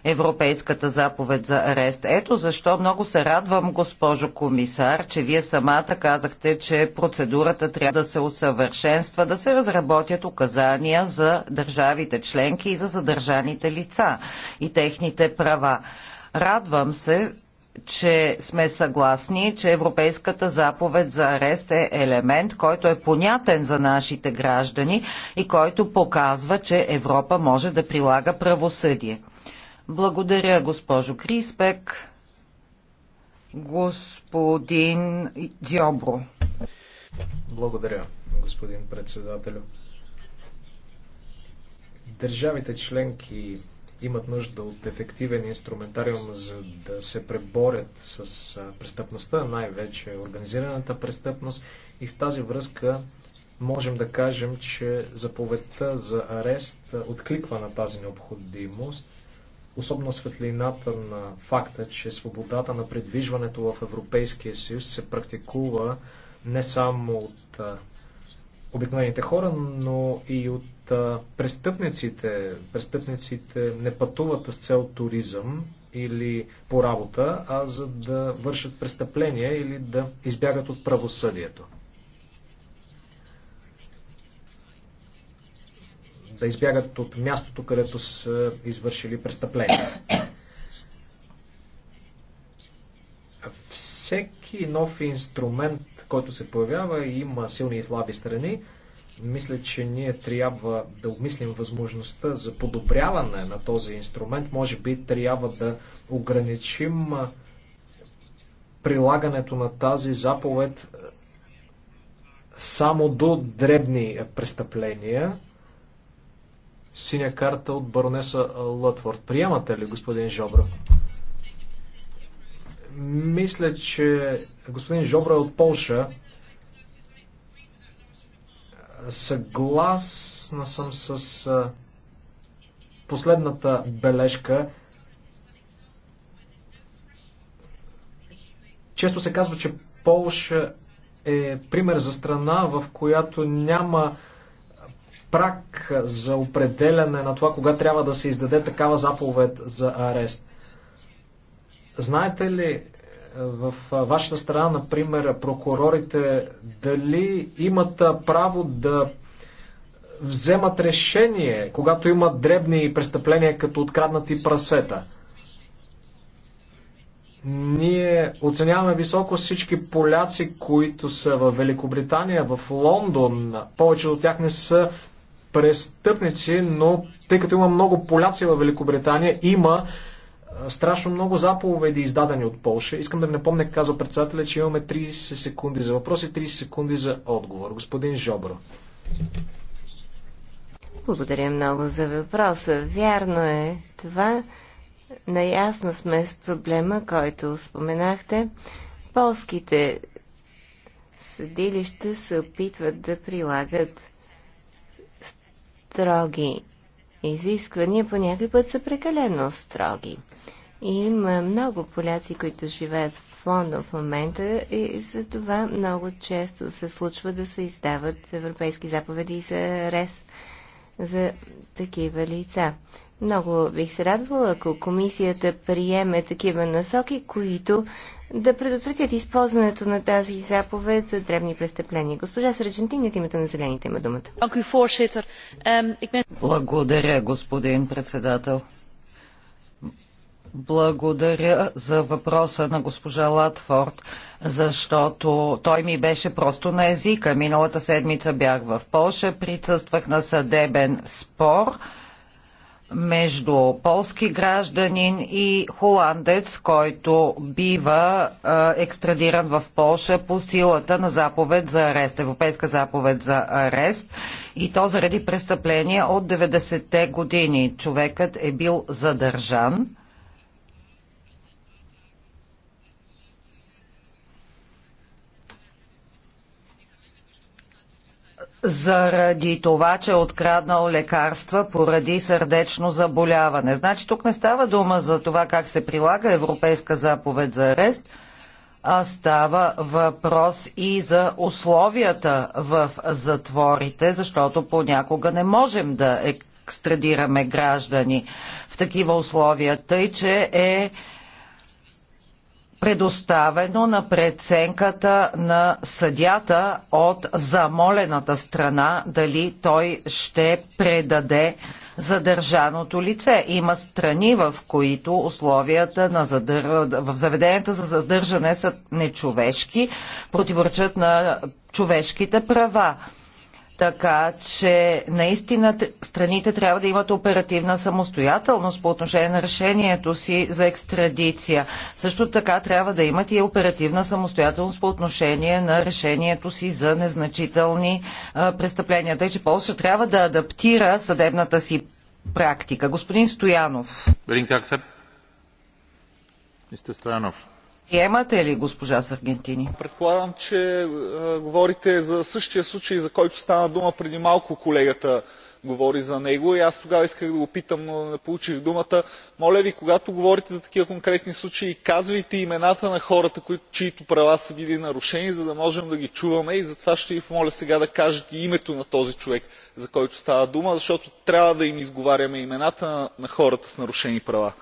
Европейската заповед за арест. Ето защо много се радвам, госпожо комисар, че вие самата казахте, че процедурата трябва да се усъвършенства, да се разработят указания за държавите членки и за задържаните лица и техните права. Радвам се, че сме съгласни, че Европейската заповед за арест е елемент, който е понятен за нашите граждани и който показва, че Европа може да прилага правосъдие. Благодаря, госпожо Криспек.
Господин Дьобро. Благодаря, господин председателю. Държавите членки имат нужда от ефективен инструментариум, за да се преборят с престъпността, най-вече организираната престъпност. И в тази връзка можем да кажем, че заповедта за арест откликва на тази необходимост особено светлината на факта, че свободата на придвижването в Европейския съюз се практикува не само от обикновените хора, но и от престъпниците. Престъпниците не пътуват с цел туризъм или по работа, а за да вършат престъпления или да избягат от правосъдието. да избягат от мястото, където са извършили престъпление. Всеки нов инструмент, който се появява, има силни и слаби страни. Мисля, че ние трябва да обмислим възможността за подобряване на този инструмент. Може би трябва да ограничим прилагането на тази заповед само до дребни престъпления синя карта от баронеса Лътворд. Приемате ли, господин Жобра? Мисля, че господин Жобра е от Полша. Съгласна съм с последната бележка. Често се казва, че Полша е пример за страна, в която няма прак за определяне на това, кога трябва да се издаде такава заповед за арест. Знаете ли, в вашата страна, например, прокурорите дали имат право да вземат решение, когато имат дребни престъпления, като откраднати прасета? Ние оценяваме високо всички поляци, които са в Великобритания, в Лондон. Повечето от тях не са престъпници, но тъй като има много поляци в Великобритания, има страшно много заповеди издадени от Полша. Искам да ви напомня, казва председателя, че имаме 30 секунди за въпроси, 30 секунди за отговор. Господин Жобро.
Благодаря много за въпроса. Вярно е това. Наясно сме с проблема, който споменахте. Полските съдилища се опитват да прилагат строги изисквания по някой път са прекалено строги. И има много поляци, които живеят в Лондон в момента и за това много често се случва да се издават европейски заповеди за арест за такива лица. Много бих се радвала, ако комисията приеме такива насоки, които да предотвратят използването на тази заповед за древни престъпления. Госпожа
Сарджентини от името на Зелените има думата.
Ehm,
Благодаря, господин председател. Благодаря за въпроса на госпожа Латфорд, защото той ми беше просто на езика. Миналата седмица бях в Польша, присъствах на съдебен спор – между полски гражданин и холандец, който бива екстрадиран в Полша по силата на заповед за арест, европейска заповед за арест и то заради престъпления от 90-те години. Човекът е бил задържан заради това, че е откраднал лекарства поради сърдечно заболяване. Значи тук не става дума за това как се прилага Европейска заповед за арест, а става въпрос и за условията в затворите, защото понякога не можем да екстрадираме граждани в такива условия, тъй че е предоставено на преценката на съдята от замолената страна, дали той ще предаде задържаното лице. Има страни, в които условията на задър... в заведенията за задържане са нечовешки, противоречат на човешките права. Така че наистина страните трябва да имат оперативна самостоятелност по отношение на решението си за екстрадиция. Също така трябва да имат и оперативна самостоятелност по отношение на решението си за незначителни а, престъпления. Тъй, че Польша трябва да адаптира съдебната си практика. Господин Стоянов. Стоянов. Приемате ли, госпожа Саргентини?
Предполагам, че а, е, говорите за същия случай, за който стана дума преди малко колегата говори за него и аз тогава исках да го питам, но не получих думата. Моля ви, когато говорите за такива конкретни случаи, казвайте имената на хората, които, чието права са били нарушени, за да можем да ги чуваме и затова ще ви помоля сега да кажете името на този човек, за който става дума, защото трябва да им изговаряме имената на хората с нарушени права.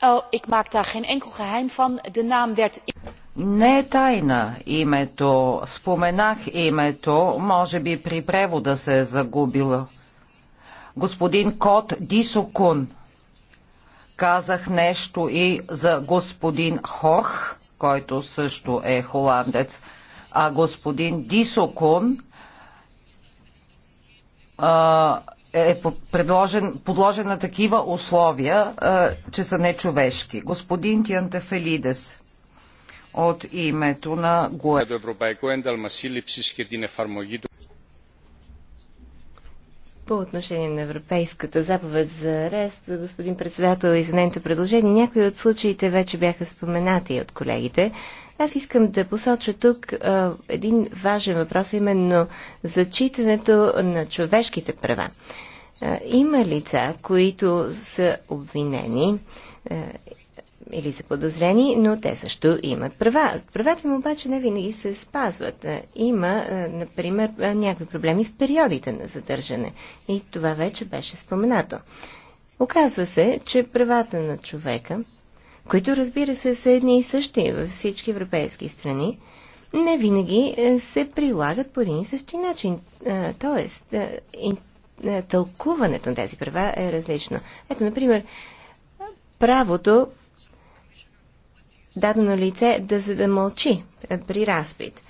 Oh, ik maak daar geen enkel geheim van. De naam werd... Не е тайна
името. Споменах името. Може би при превода се е загубило. Господин Кот Дисокун. Казах нещо и за господин Хох, който също е холандец. А господин Дисокун е предложен, подложен на такива условия, че са нечовешки. Господин Тиантефелидес от името
на ГУЕ.
По отношение на Европейската заповед за арест, господин председател извинете предложение, някои от случаите вече бяха споменати от колегите. Аз искам да посоча тук а, един важен въпрос, именно зачитането на човешките права. А, има лица, които са обвинени а, или са подозрени, но те също имат права. Правата им обаче не винаги се спазват. Има, например, някакви проблеми с периодите на задържане. И това вече беше споменато. Оказва се, че правата на човека които разбира се са едни и същи във всички европейски страни, не винаги е, се прилагат по един и същи начин. Е, тоест, е, тълкуването на тези права е различно. Ето, например, правото дадено лице да мълчи при разпит.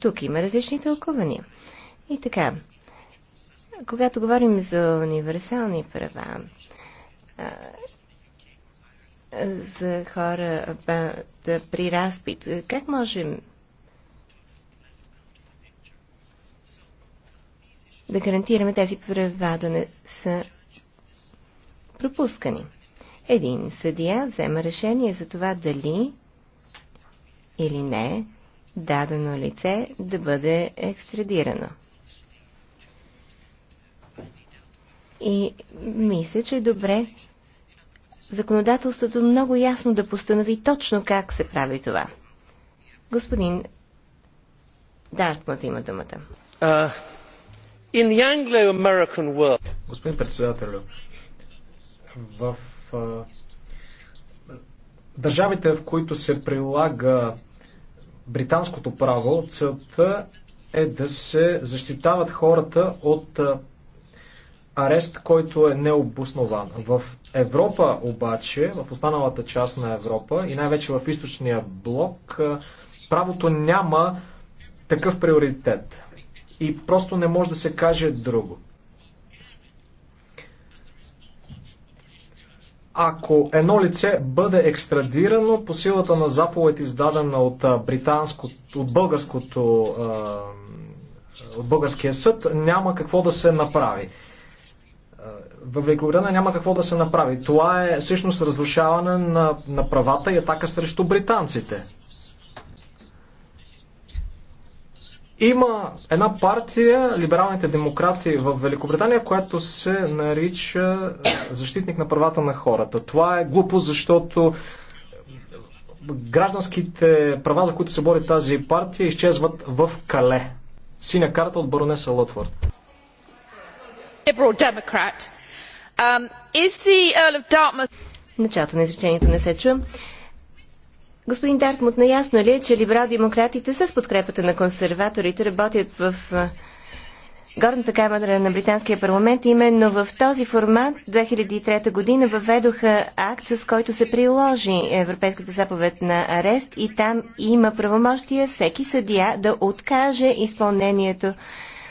Тук има различни тълкувания. И така, когато говорим за универсални права, за хора да при разпит. Как можем да гарантираме тези права да не са пропускани? Един съдия взема решение за това дали или не дадено лице да бъде екстрадирано. И мисля, че е добре законодателството много ясно да постанови точно как се прави това. Господин Дартмут има думата.
Uh, in the Anglo-American world... Господин председател, в uh, държавите, в които се прилага британското право, целта е да се защитават хората от арест, който е необоснован. В Европа обаче, в останалата част на Европа и най-вече в източния блок, правото няма такъв приоритет. И просто не може да се каже друго. Ако едно лице бъде екстрадирано по силата на заповед, издадена от, британско, от, българското, от българския съд, няма какво да се направи в Великобритания няма какво да се направи. Това е всъщност разрушаване на, на правата и атака срещу британците. Има една партия, либералните демократи в Великобритания, която се нарича е, защитник на правата на хората. Това е глупо, защото гражданските права, за които се бори тази партия, изчезват в Кале. Синя карта от баронеса Лътвард.
Um,
Началото на изречението не се чува. Господин Дартмут, наясно ли е, че либерал-демократите с подкрепата на консерваторите работят в Горната камера на Британския парламент именно в този формат 2003 година въведоха акт, с който се приложи Европейската заповед на арест и там има правомощия всеки съдия да откаже изпълнението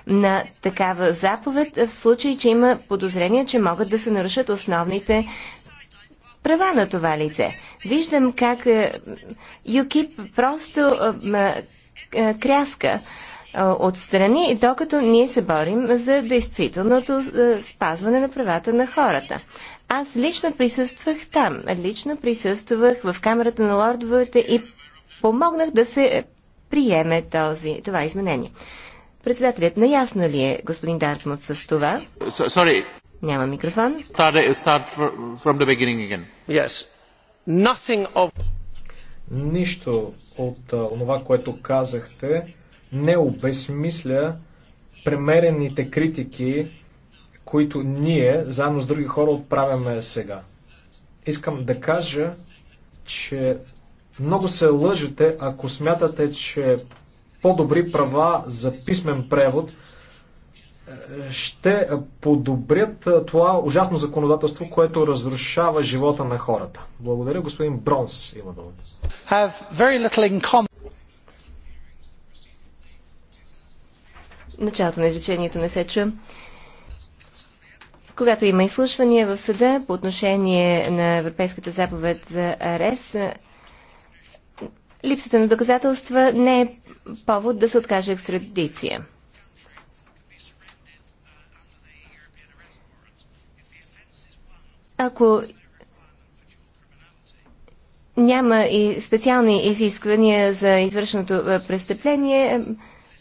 на такава заповед в случай, че има подозрение, че могат да се нарушат основните права на това лице. Виждам как е, ЮКИП просто е, е, кряска отстрани, докато ние се борим за действителното спазване на правата на хората. Аз лично присъствах там. Лично присъствах в Камерата на лордовете и помогнах да се приеме този, това изменение. Председателят, наясно ли е господин Дартмут с
това?
Sorry.
Няма микрофон.
Start, uh, start from the beginning again.
Yes. Nothing of... Нищо от това, което казахте, не обезмисля премерените критики, които ние, заедно с други хора, отправяме сега. Искам да кажа, че много се лъжете, ако смятате, че по-добри права за писмен превод е, ще подобрят е, това ужасно законодателство, което разрушава живота на хората. Благодаря, господин Бронс има думата.
Началото на изречението не се чу. Когато има изслушвания в съда по отношение на Европейската заповед за арест, липсата на доказателства не е повод да се откаже екстрадиция. Ако няма и специални изисквания за извършеното е, престъпление, е,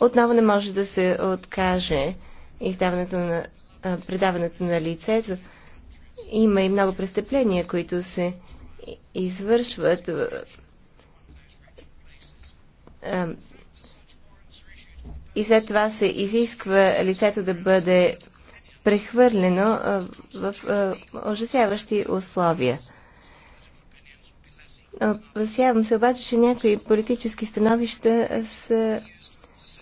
отново не може да се откаже издаването на, е, предаването на лице, Има и много престъпления, които се извършват и след това се изисква лицето да бъде прехвърлено в ужасяващи условия. Опасявам се обаче, че някои политически становища са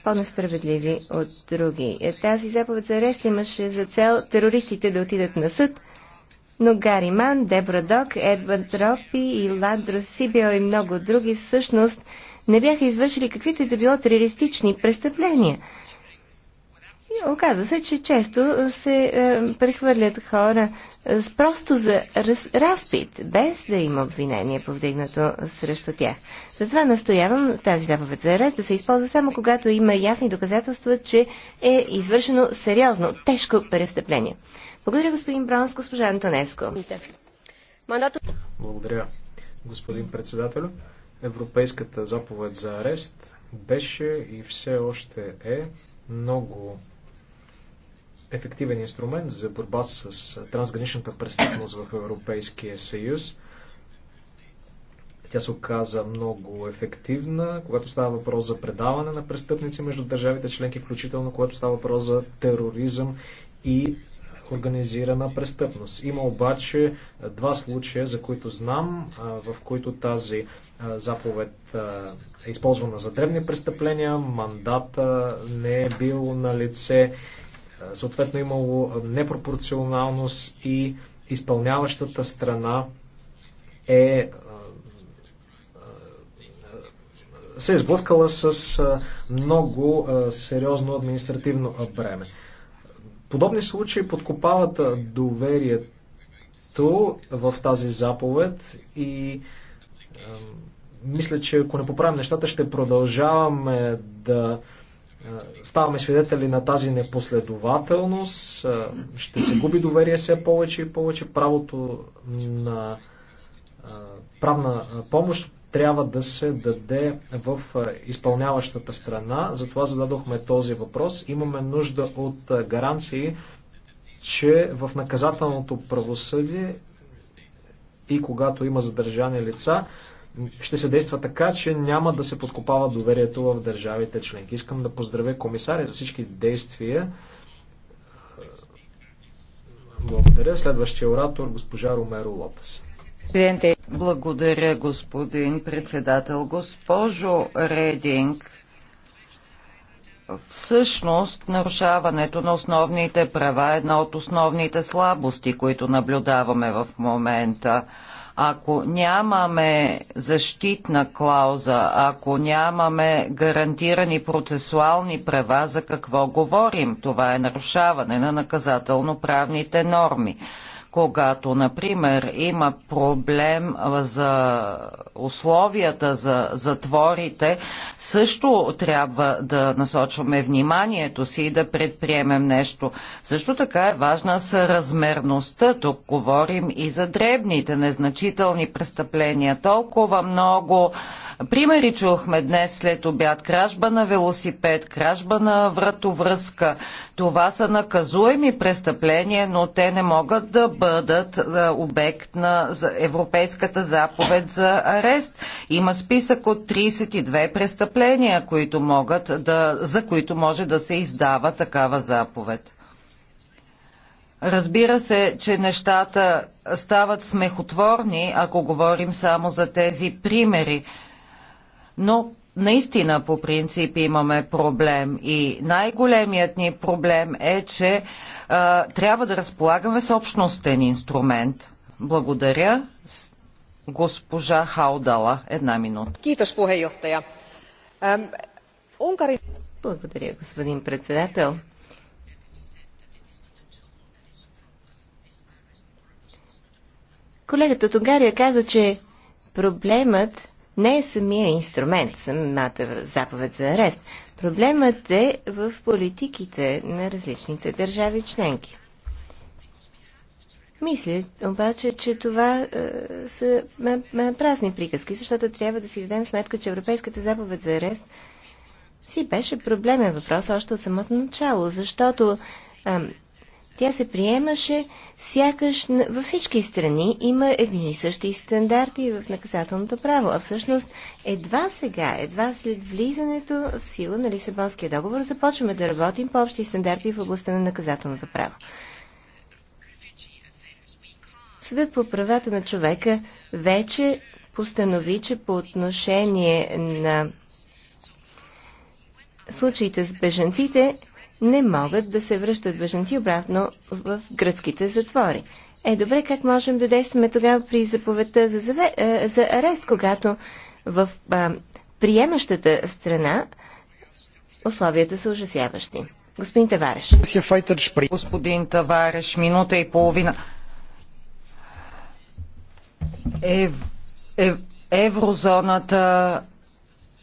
по-несправедливи от други. Е, тази заповед за арест имаше за цел терористите да отидат на съд, но Гари Ман, Дебра Док, Едвард Ропи и Ландро Сибио и много други всъщност не бяха извършили каквито и да било терористични престъпления. И оказва се, че често се е, прехвърлят хора е, просто за раз, разпит, без да има обвинение повдигнато срещу тях. Затова настоявам тази заповед за арест да се използва само когато има ясни доказателства, че е извършено сериозно, тежко престъпление. Благодаря, господин Бронс, госпожа Антонеско.
Благодаря, господин председател. Европейската заповед за арест беше и все още е много ефективен инструмент за борба с трансграничната престъпност в Европейския съюз. Тя се оказа много ефективна, когато става въпрос за предаване на престъпници между държавите членки, включително когато става въпрос за тероризъм и организирана престъпност. Има обаче два случая, за които знам, в които тази заповед е използвана за древни престъпления, мандата не е бил на лице, съответно е имало непропорционалност и изпълняващата страна е се е сблъскала с много сериозно административно бреме. Подобни случаи подкопават доверието в тази заповед и е, мисля, че ако не поправим нещата, ще продължаваме да ставаме свидетели на тази непоследователност, ще се губи доверие все повече и повече правото на правна помощ трябва да се даде в изпълняващата страна. Затова зададохме този въпрос. Имаме нужда от гаранции, че в наказателното правосъдие и когато има задържани лица, ще се действа така, че няма да се подкопава доверието в държавите членки. Искам да поздравя комисаря за всички действия. Благодаря. Следващия оратор, госпожа Ромеро Лопес.
Благодаря, господин председател. Госпожо Рединг, Всъщност, нарушаването на основните права е една от основните слабости, които наблюдаваме в момента. Ако нямаме защитна клауза, ако нямаме гарантирани процесуални права, за какво говорим? Това е нарушаване на наказателно-правните норми. Когато, например, има проблем за условията за затворите, също трябва да насочваме вниманието си и да предприемем нещо. Също така е важна съразмерността. Тук говорим и за дребните, незначителни престъпления. Толкова много Примери чухме днес след обяд. Кражба на велосипед, кражба на вратовръзка. Това са наказуеми престъпления, но те не могат да бъдат е, обект на Европейската заповед за арест. Има списък от 32 престъпления, които могат да, за които може да се издава такава заповед. Разбира се, че нещата стават смехотворни, ако говорим само за тези примери но наистина по принцип имаме проблем и най-големият ни проблем е, че а, трябва да разполагаме с общностен инструмент. Благодаря. Госпожа Хаудала, една минута.
Киташ,
Унгари... Благодаря, господин председател. Колегата от Унгария каза, че проблемът не е самия инструмент, самата заповед за арест. Проблемът е в политиките на различните държави членки. Мисля обаче, че това е, са ме, ме, празни приказки, защото трябва да си дадем сметка, че Европейската заповед за арест си беше проблемен въпрос още от самото начало, защото е, тя се приемаше сякаш във всички страни има едни и същи стандарти в наказателното право, а всъщност едва сега, едва след влизането в сила на Лисабонския договор започваме да работим по общи стандарти в областта на наказателното право. Съдът по правата на човека вече постанови, че по отношение на случаите с беженците не могат да се връщат бежанци обратно в гръцките затвори. Е, добре, как можем да действаме тогава при заповедта за, заве... Е, за арест, когато в а, приемащата страна условията са ужасяващи?
Господин Тавареш. Господин Тавареш, минута и половина. Ев... Ев... Еврозоната,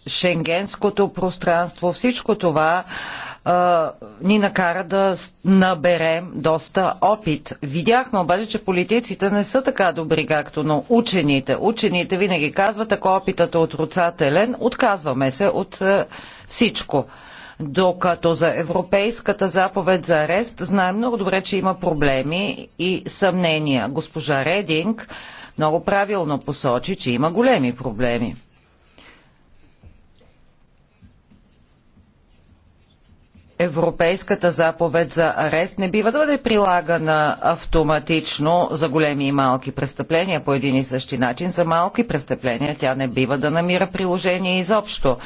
шенгенското пространство, всичко това а, ни накара да наберем доста опит. Видяхме обаче, че политиците не са така добри, както на учените. Учените винаги казват, ако опитът е отрицателен, отказваме се от а, всичко. Докато за Европейската заповед за арест знаем много добре, че има проблеми и съмнения. Госпожа Рединг много правилно посочи, че има големи проблеми. Европейската заповед за арест не бива да бъде прилагана автоматично за големи и малки престъпления по един и същи начин. За малки престъпления тя не бива да намира приложение изобщо.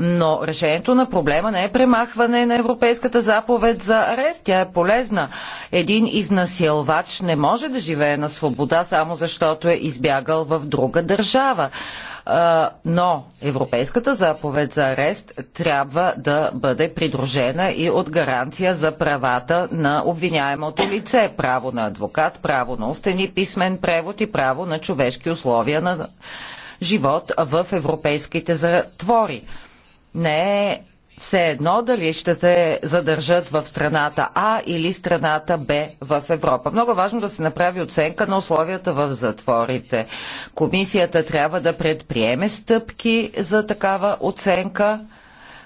Но решението на проблема не е премахване на Европейската заповед за арест. Тя е полезна. Един изнасилвач не може да живее на свобода само защото е избягал в друга държава но Европейската заповед за арест трябва да бъде придружена и от гаранция за правата на обвиняемото лице. Право на адвокат, право на устени писмен превод и право на човешки условия на живот в европейските затвори не е все едно дали ще те задържат в страната А или страната Б в Европа. Много важно да се направи оценка на условията в затворите. Комисията трябва да предприеме стъпки за такава оценка,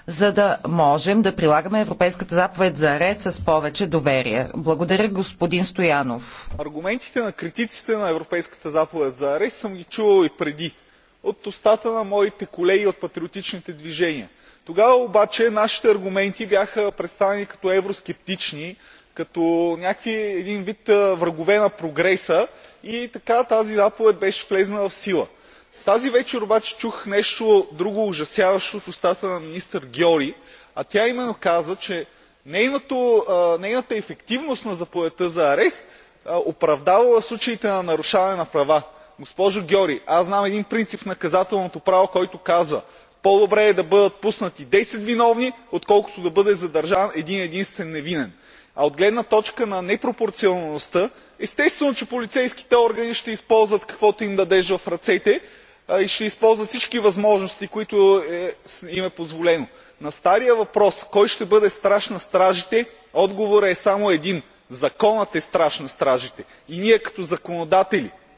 за да можем да прилагаме Европейската заповед за арест с повече доверие. Благодаря господин Стоянов.
Аргументите на критиците на Европейската заповед за арест съм ги чувал и преди. От устата на моите колеги от патриотичните движения тогава обаче нашите аргументи бяха представени като евроскептични като един вид врагове на прогреса и така тази заповед беше влязла в сила. тази вечер обаче чух нещо друго ужасяващо от устата на министър гьори а тя именно каза че нейната ефективност на заповедта за арест оправдавала случаите на нарушаване на права. госпожо гьори аз знам един принцип в наказателното право който казва по добре е да бъдат пуснати десет виновни отколкото да бъде задържан един единствен невинен. а от гледна точка на непропорционалността естествено че полицейските органи ще използват каквото им дадеш в ръцете и ще използват всички възможности които е, им е позволено. на стария въпрос кой ще бъде страж на стражите отговорът е само един законът е страж на стражите и ние като законодатели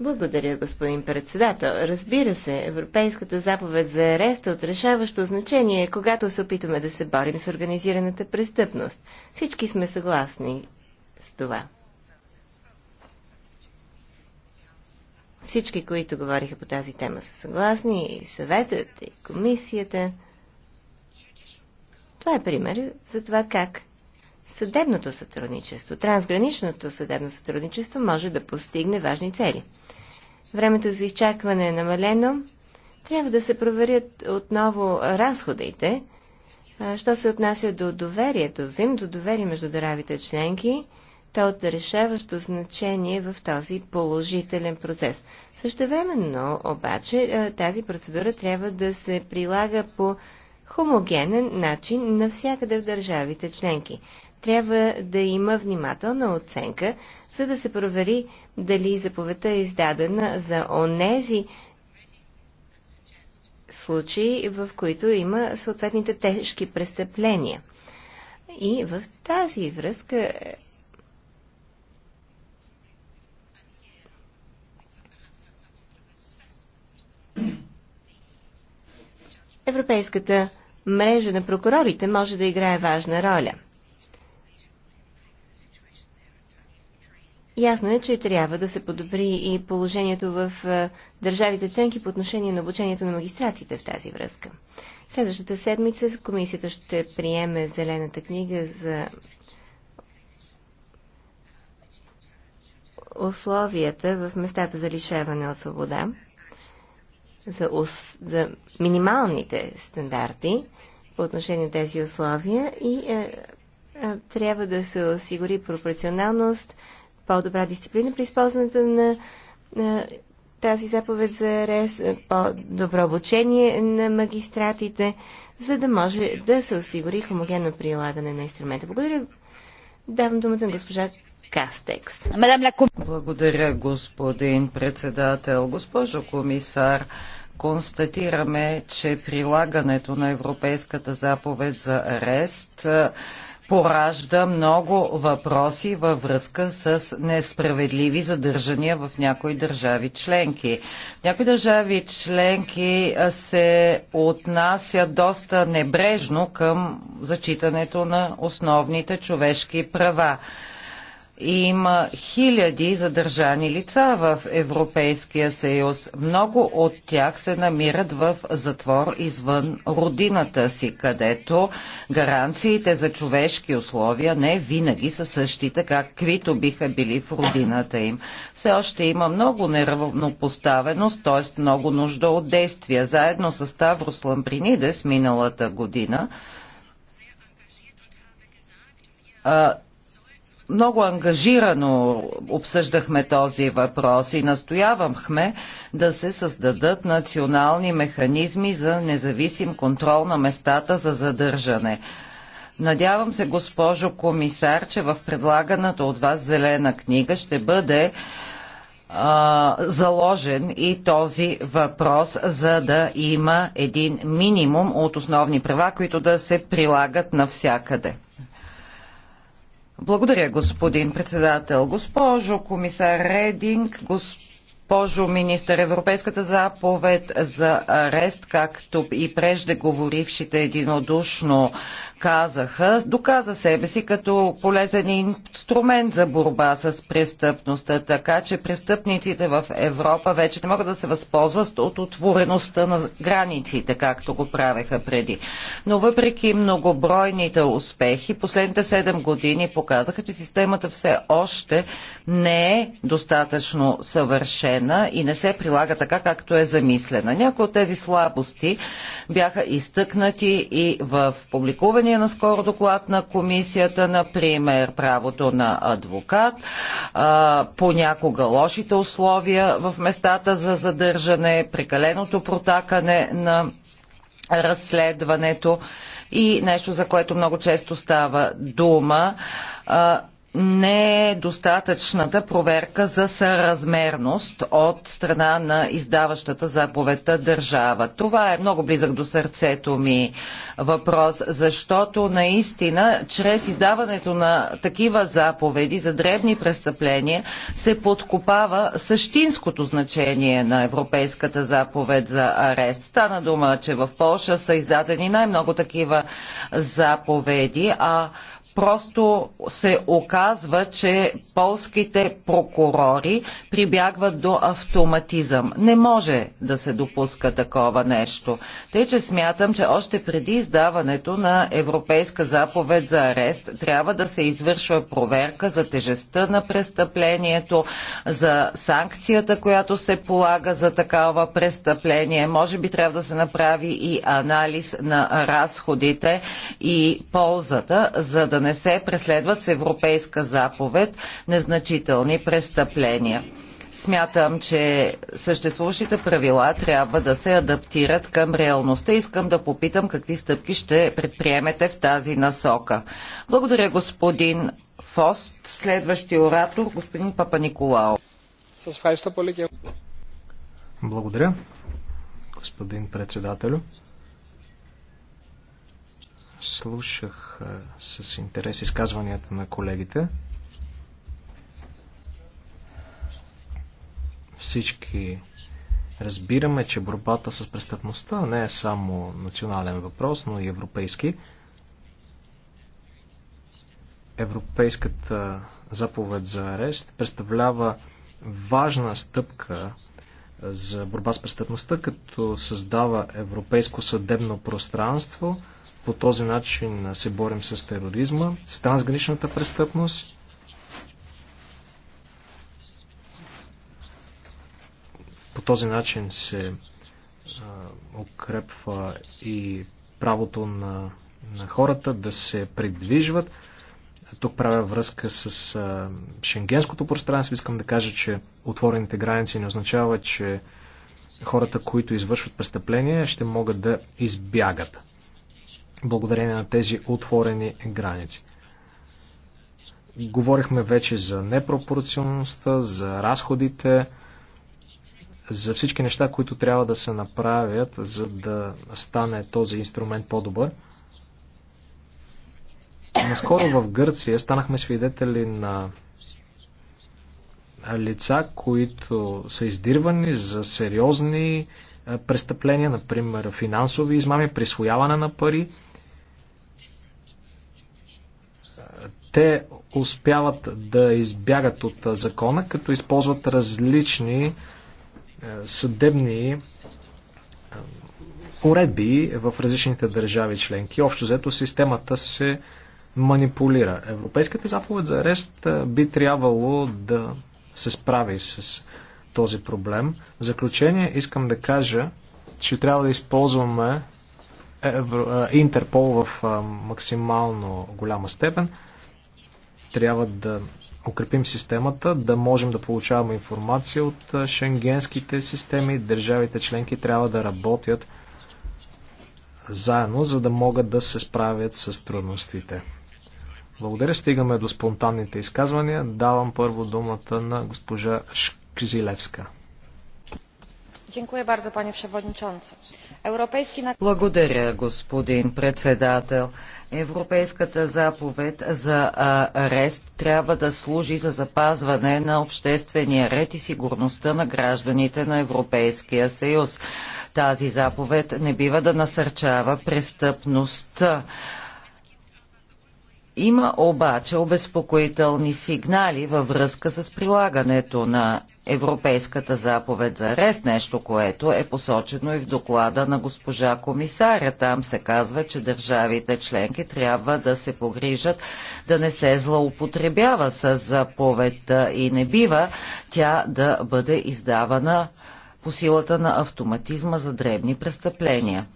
Благодаря, господин
председател. Разбира се, Европейската заповед за ареста от решаващо значение е когато се опитваме да се борим с организираната престъпност. Всички сме съгласни с това. Всички, които говориха по тази тема, са съгласни. И съветът, и комисията. Това е пример за това как съдебното сътрудничество. Трансграничното съдебно сътрудничество може да постигне важни цели. Времето за изчакване е намалено. Трябва да се проверят отново разходите. Що се отнася до доверието, взаимното доверие между държавите членки, то е от решаващо значение в този положителен процес. Същевременно, обаче, тази процедура трябва да се прилага по хомогенен начин навсякъде в държавите членки трябва да има внимателна оценка, за да се провери дали заповедта е издадена за онези случаи, в които има съответните тежки престъпления. И в тази връзка Европейската мрежа на прокурорите може да играе важна роля. Ясно е, че трябва да се подобри и положението в държавите членки по отношение на обучението на магистратите в тази връзка. Следващата седмица комисията ще приеме зелената книга за условията в местата за лишаване от свобода, за, ус, за минималните стандарти по отношение на тези условия и е, е, трябва да се осигури пропорционалност, по-добра дисциплина при използването на, на тази заповед за арест, по-добро обучение на магистратите, за да може да се осигури хомогенно прилагане на инструмента. Благодаря. Давам думата на госпожа Кастекс.
Благодаря, господин председател. Госпожо комисар, констатираме, че прилагането на Европейската заповед за арест поражда много въпроси във връзка с несправедливи задържания в някои държави членки. Някои държави членки се отнасят доста небрежно към зачитането на основните човешки права. Има хиляди задържани лица в Европейския съюз. Много от тях се намират в затвор извън родината си, където гаранциите за човешки условия не винаги са същите, каквито биха били в родината им. Все още има много неравнопоставеност, т.е. много нужда от действия. Заедно с Таврос Ламбринидес миналата година много ангажирано обсъждахме този въпрос и настоявахме да се създадат национални механизми за независим контрол на местата за задържане. Надявам се, госпожо комисар, че в предлаганата от вас зелена книга ще бъде а, заложен и този въпрос, за да има един минимум от основни права, които да се прилагат навсякъде. Благодаря, господин председател. Госпожо комисар Рединг, госпожо министър, Европейската заповед за арест, както и преждеговорившите единодушно доказаха, доказа себе си като полезен инструмент за борба с престъпността, така че престъпниците в Европа вече не могат да се възползват от отвореността на границите, както го правеха преди. Но въпреки многобройните успехи, последните 7 години показаха, че системата все още не е достатъчно съвършена и не се прилага така, както е замислена. Някои от тези слабости бяха изтъкнати и в публикувания отношение на скоро доклад на комисията, например правото на адвокат, понякога лошите условия в местата за задържане, прекаленото протакане на разследването и нещо, за което много често става дума не е достатъчната проверка за съразмерност от страна на издаващата заповедта държава. Това е много близък до сърцето ми въпрос, защото наистина чрез издаването на такива заповеди за дребни престъпления се подкопава същинското значение на Европейската заповед за арест. Стана дума, че в Польша са издадени най-много такива заповеди, а просто се оказва, че полските прокурори прибягват до автоматизъм. Не може да се допуска такова нещо. Тъй, че смятам, че още преди издаването на Европейска заповед за арест трябва да се извършва проверка за тежестта на престъплението, за санкцията, която се полага за такава престъпление. Може би трябва да се направи и анализ на разходите и ползата, за да да не се преследват с европейска заповед незначителни престъпления. Смятам, че съществуващите правила трябва да се адаптират към реалността. Искам да попитам какви стъпки ще предприемете в тази насока. Благодаря господин Фост. Следващия оратор, господин Папа Николао.
Благодаря, господин председателю. Слушах с интерес изказванията на колегите. Всички разбираме, че борбата с престъпността не е само национален въпрос, но и европейски. Европейската заповед за арест представлява важна стъпка за борба с престъпността, като създава европейско съдебно пространство – по този начин се борим с тероризма, с трансграничната престъпност. По този начин се укрепва и правото на, на хората да се придвижват. Тук правя връзка с а, шенгенското пространство. Искам да кажа, че отворените граници не означава, че хората, които извършват престъпления, ще могат да избягат благодарение на тези отворени граници. Говорихме вече за непропорционалността, за разходите, за всички неща, които трябва да се направят, за да стане този инструмент по-добър. Наскоро в Гърция станахме свидетели на лица, които са издирвани за сериозни престъпления, например финансови измами, присвояване на пари. те успяват да избягат от закона, като използват различни е, съдебни е, уредби в различните държави членки. Общо взето системата се манипулира. Европейската заповед за арест е, би трябвало да се справи с този проблем. В заключение искам да кажа, че трябва да използваме Интерпол в максимално голяма степен. Трябва да укрепим системата, да можем да получаваме информация от шенгенските системи. Държавите членки трябва да работят заедно, за да могат да се справят с трудностите. Благодаря. Стигаме до спонтанните изказвания. Давам първо думата на госпожа Шкзилевска. Благодаря, господин
председател. Европейската заповед за арест трябва да служи за запазване на обществения ред и сигурността на гражданите на Европейския съюз. Тази заповед не бива да насърчава престъпността. Има обаче обезпокоителни сигнали във връзка с прилагането на Европейската заповед за арест, нещо, което е посочено и в доклада на госпожа комисаря. Там се казва, че държавите членки трябва да се погрижат да не се злоупотребява с заповедта и не бива тя да бъде издавана по силата на автоматизма за дребни престъпления.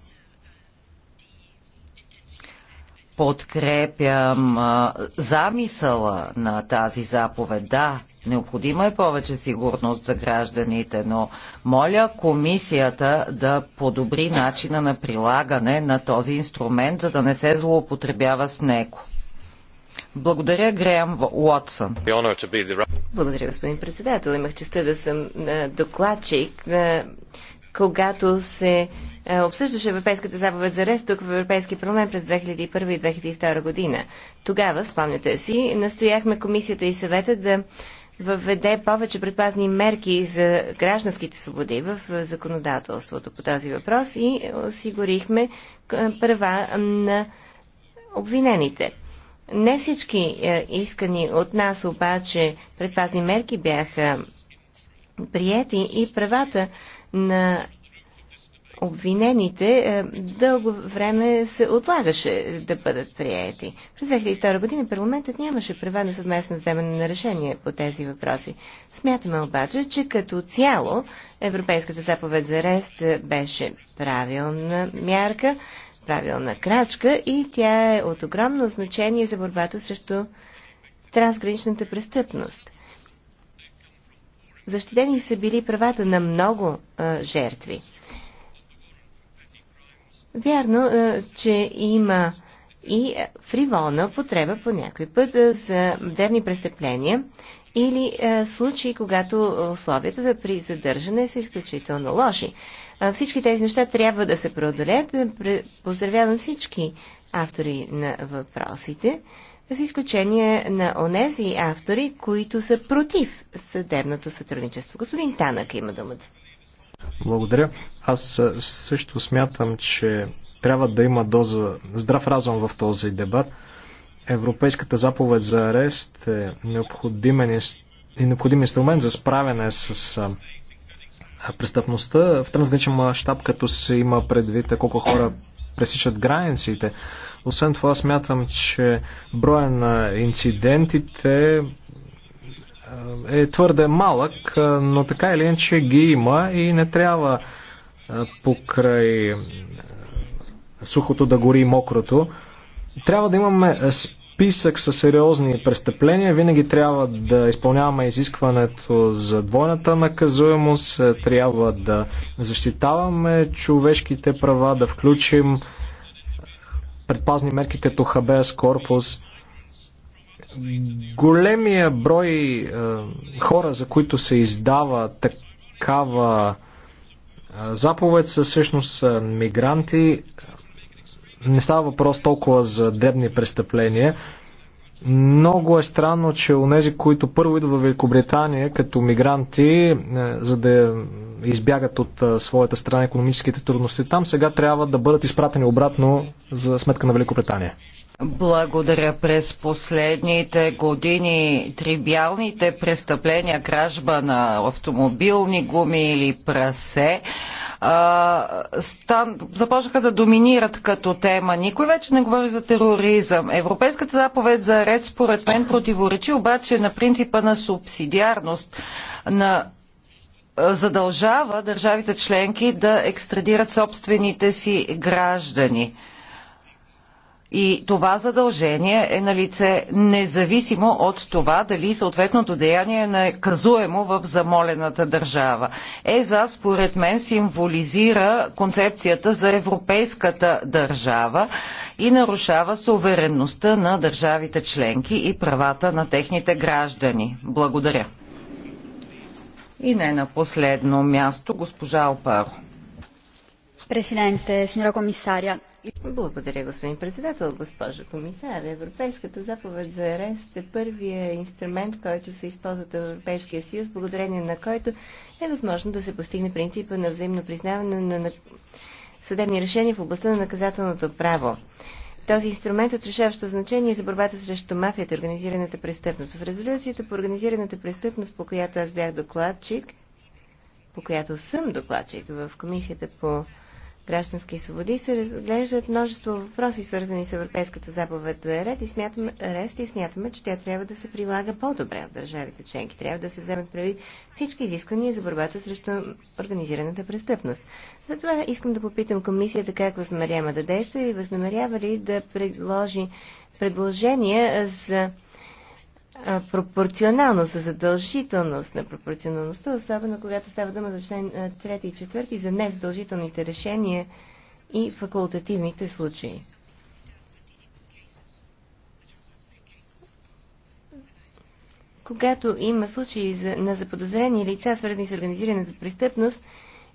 Подкрепям замисъла на тази заповед. Да, Необходима е повече сигурност за гражданите, но моля комисията да подобри начина на прилагане на този инструмент, за да не се злоупотребява с него. Благодаря, Греъм Уотсън. Благодаря, господин председател. Имах честа да съм е, докладчик, е,
когато се е, обсъждаше Европейската заповед за арест тук в Европейски парламент през 2001 и 2002 година. Тогава, спомняте си, настояхме комисията и съвета да въведе повече предпазни мерки за гражданските свободи в законодателството по този въпрос и осигурихме права на обвинените. Не всички искани от нас обаче предпазни мерки бяха приети и правата на обвинените е, дълго време се отлагаше да бъдат приети. През 2002 година парламентът нямаше права на съвместно вземане на решение по тези въпроси. Смятаме обаче, че като цяло Европейската заповед за арест беше правилна мярка, правилна крачка и тя е от огромно значение за борбата срещу трансграничната престъпност. Защитени са били правата на много а, жертви. Вярно, е, че има и фриволна потреба по някой път е, за древни престъпления или е, случаи, когато условията за при задържане са изключително лоши. Всички тези неща трябва да се преодолеят. Поздравявам всички автори на въпросите, с изключение на онези автори, които са против съдебното сътрудничество. Господин Танък има думата.
Благодаря. Аз също смятам, че трябва да има доза здрав разум в този дебат. Европейската заповед за арест е необходим, е необходим инструмент за справяне с престъпността в трансграничен мащаб, като се има предвид колко хора пресичат границите. Освен това смятам, че броя на инцидентите е твърде малък, но така или иначе ги има и не трябва покрай сухото да гори мокрото. Трябва да имаме списък с сериозни престъпления. Винаги трябва да изпълняваме изискването за двойната наказуемост. Трябва да защитаваме човешките права, да включим предпазни мерки като хабеас корпус. Големия брой е, хора, за които се издава такава е, заповед, са всъщност е, мигранти. Не става въпрос толкова за дебни престъпления. Много е странно, че онези, които първо идват в Великобритания като мигранти, е, за да избягат от е, своята страна економическите трудности там, сега трябва да бъдат изпратени обратно за сметка на Великобритания.
Благодаря. През последните години трибиалните престъпления, кражба на автомобилни гуми или прасе, а, стан, започнаха да доминират като тема. Никой вече не говори за тероризъм. Европейската заповед за арест, според мен, противоречи обаче на принципа на субсидиарност на задължава държавите членки да екстрадират собствените си граждани. И това задължение е на лице независимо от това дали съответното деяние е наказуемо в замолената държава. ЕЗА според мен символизира концепцията за европейската държава и нарушава суверенността на държавите членки и правата на техните граждани. Благодаря. И не на последно място госпожа Алпаро.
Президенте, сеньора комисаря. Благодаря, господин председател, госпожа комисар. Европейската заповед за арест е първият инструмент, който се използва от Европейския съюз, благодарение на който е възможно да се постигне принципа на взаимно признаване на съдебни решения в областта на наказателното право. Този инструмент от решаващо значение за борбата срещу мафията, и организираната престъпност. В резолюцията по организираната престъпност, по която аз бях докладчик, по която съм докладчик в Комисията по граждански свободи се разглеждат множество въпроси, свързани с Европейската заповед за ред и смятаме, арест и смятаме, че тя трябва да се прилага по-добре от държавите членки. Трябва да се вземат прави всички изисквания за борбата срещу организираната престъпност. Затова искам да попитам комисията как възнамерява да действа и възнамерява ли да предложи предложения за пропорционалност, за задължителност на пропорционалността, особено когато става дума за член 3 и 4 за незадължителните решения и факултативните случаи. Когато има случаи за, на заподозрени лица, свързани с организираната престъпност,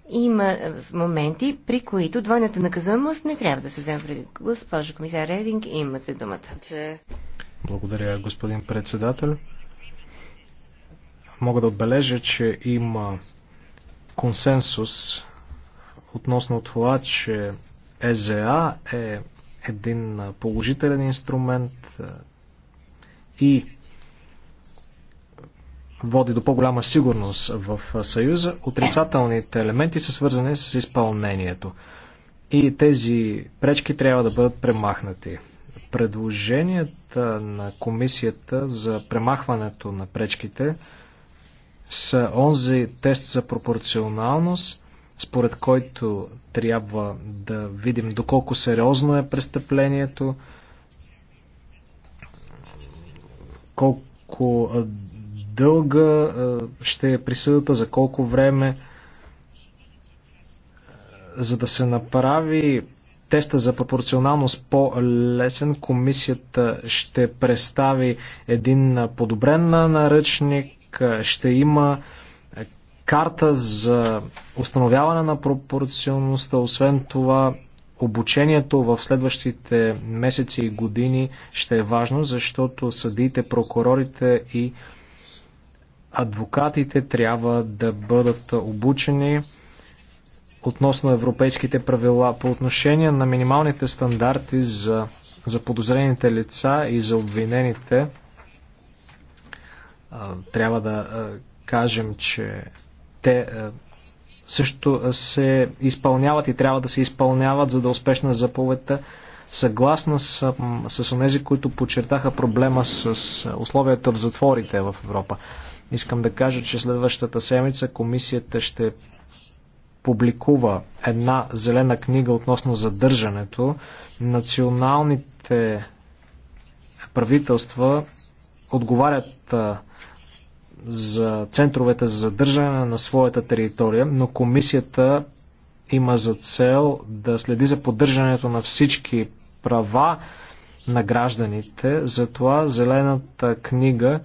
има моменти, при които двойната наказуемост не трябва да се вземе преди. Госпожа комисар Рединг, имате думата.
Благодаря, господин председател. Мога да отбележа, че има консенсус относно това, че ЕЗА е един положителен инструмент и води до по-голяма сигурност в Съюза. Отрицателните елементи са свързани с изпълнението. И тези пречки трябва да бъдат премахнати. Предложенията на комисията за премахването на пречките са онзи тест за пропорционалност, според който трябва да видим доколко сериозно е престъплението, колко дълга ще е присъдата, за колко време, за да се направи теста за пропорционалност по-лесен, комисията ще представи един подобрен наръчник, ще има карта за установяване на пропорционалността. Освен това, обучението в следващите месеци и години ще е важно, защото съдиите, прокурорите и адвокатите трябва да бъдат обучени относно европейските правила по отношение на минималните стандарти за, за подозрените лица и за обвинените. Трябва да кажем, че те също се изпълняват и трябва да се изпълняват, за да е успешна заповедта. Съгласна с, с онези, които подчертаха проблема с условията в затворите в Европа. Искам да кажа, че следващата седмица комисията ще публикува една зелена книга относно задържането, националните правителства отговарят за центровете за задържане на своята територия, но комисията има за цел да следи за поддържането на всички права на гражданите. Затова Зелената книга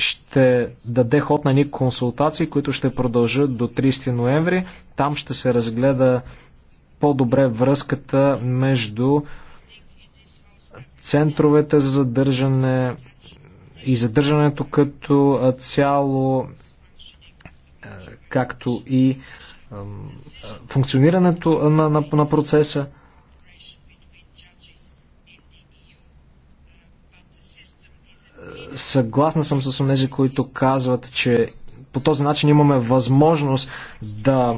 ще даде ход на ни консултации, които ще продължат до 30 ноември. Там ще се разгледа по-добре връзката между центровете за задържане и задържането като цяло, е, както и е, функционирането на, на, на процеса. Съгласна съм с онези, които казват, че по този начин имаме възможност да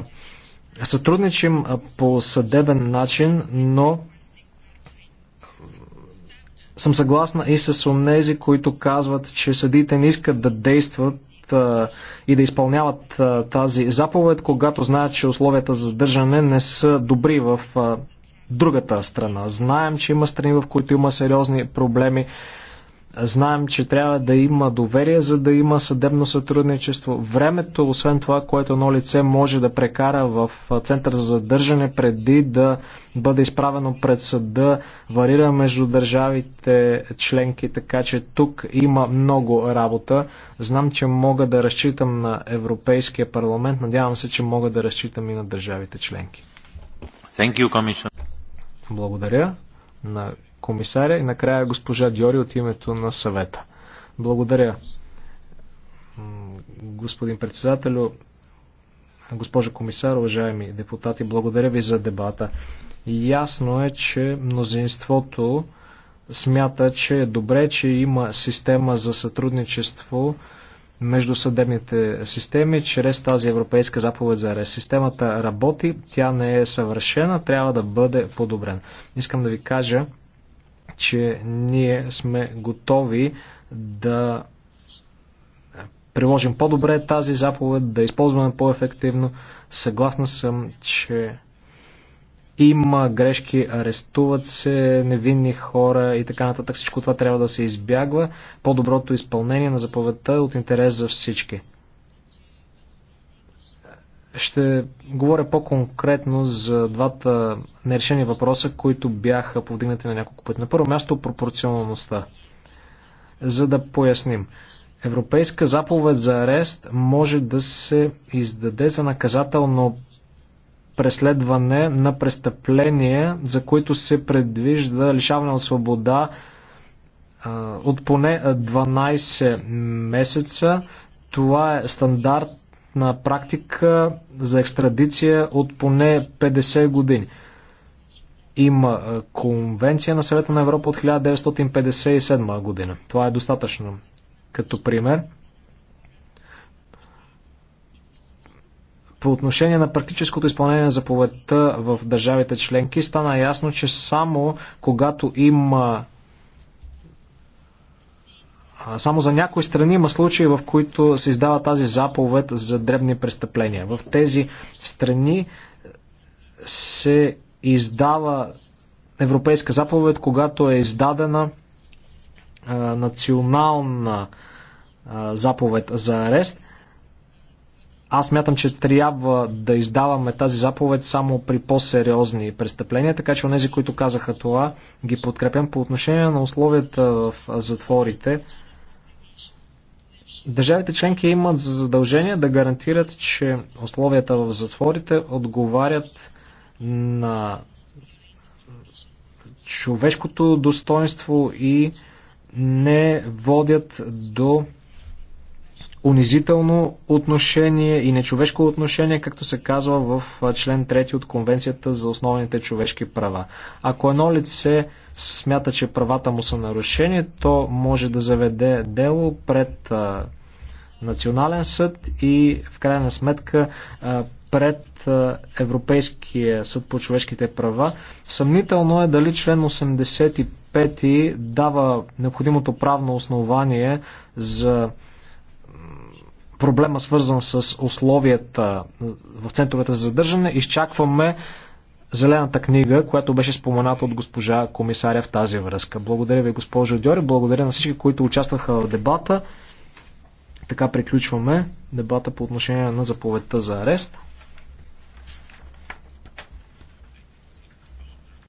сътрудничим по съдебен начин, но съм съгласна и с онези, които казват, че съдиите не искат да действат и да изпълняват тази заповед, когато знаят, че условията за задържане не са добри в другата страна. Знаем, че има страни, в които има сериозни проблеми. Знаем, че трябва да има доверие, за да има съдебно сътрудничество. Времето, освен това, което едно лице може да прекара в център за задържане преди да бъде изправено пред съда, варира между държавите членки, така че тук има много работа. Знам, че мога да разчитам на Европейския парламент. Надявам се, че мога да разчитам и на държавите членки. Thank you, Благодаря на комисаря и накрая госпожа Дьори от името на съвета. Благодаря, господин председателю, госпожа комисар, уважаеми депутати, благодаря ви за дебата. Ясно е, че мнозинството смята, че е добре, че има система за сътрудничество между съдебните системи чрез тази европейска заповед за арест. Системата работи, тя не е съвършена, трябва да бъде подобрена. Искам да ви кажа, че ние сме готови да приложим по-добре тази заповед, да използваме по-ефективно. Съгласна съм, че има грешки, арестуват се невинни хора и така нататък. Всичко това трябва да се избягва. По-доброто изпълнение на заповедта е от интерес за всички. Ще говоря по-конкретно за двата нерешени въпроса, които бяха повдигнати на няколко пъти. На първо място пропорционалността. За да поясним. Европейска заповед за арест може да се издаде за наказателно преследване на престъпления, за които се предвижда лишаване от свобода от поне 12 месеца. Това е стандарт на практика за екстрадиция от поне 50 години. Има е, конвенция на съвета на Европа от 1957 година. Това е достатъчно като пример. По отношение на практическото изпълнение на заповедта в държавите членки стана ясно, че само когато има само за някои страни има случаи, в които се издава тази заповед за дребни престъпления. В тези страни се издава европейска заповед, когато е издадена а, национална а, заповед за арест. Аз мятам, че трябва да издаваме тази заповед само при по-сериозни престъпления, така че онези, които казаха това, ги подкрепям по отношение на условията в затворите. Държавите членки имат задължение да гарантират, че условията в затворите отговарят на човешкото достоинство и не водят до унизително отношение и нечовешко отношение, както се казва в член 3 от Конвенцията за основните човешки права. Ако едно лице смята, че правата му са нарушени, то може да заведе дело пред а, Национален съд и в крайна сметка а, пред а, Европейския съд по човешките права. Съмнително е дали член 85 дава необходимото правно основание за проблема свързан с условията в центровете за задържане. Изчакваме Зелената книга, която беше спомената от госпожа комисаря в тази връзка. Благодаря ви, госпожо Дьори. Благодаря на всички, които участваха в дебата. Така приключваме дебата по отношение на заповедта за арест.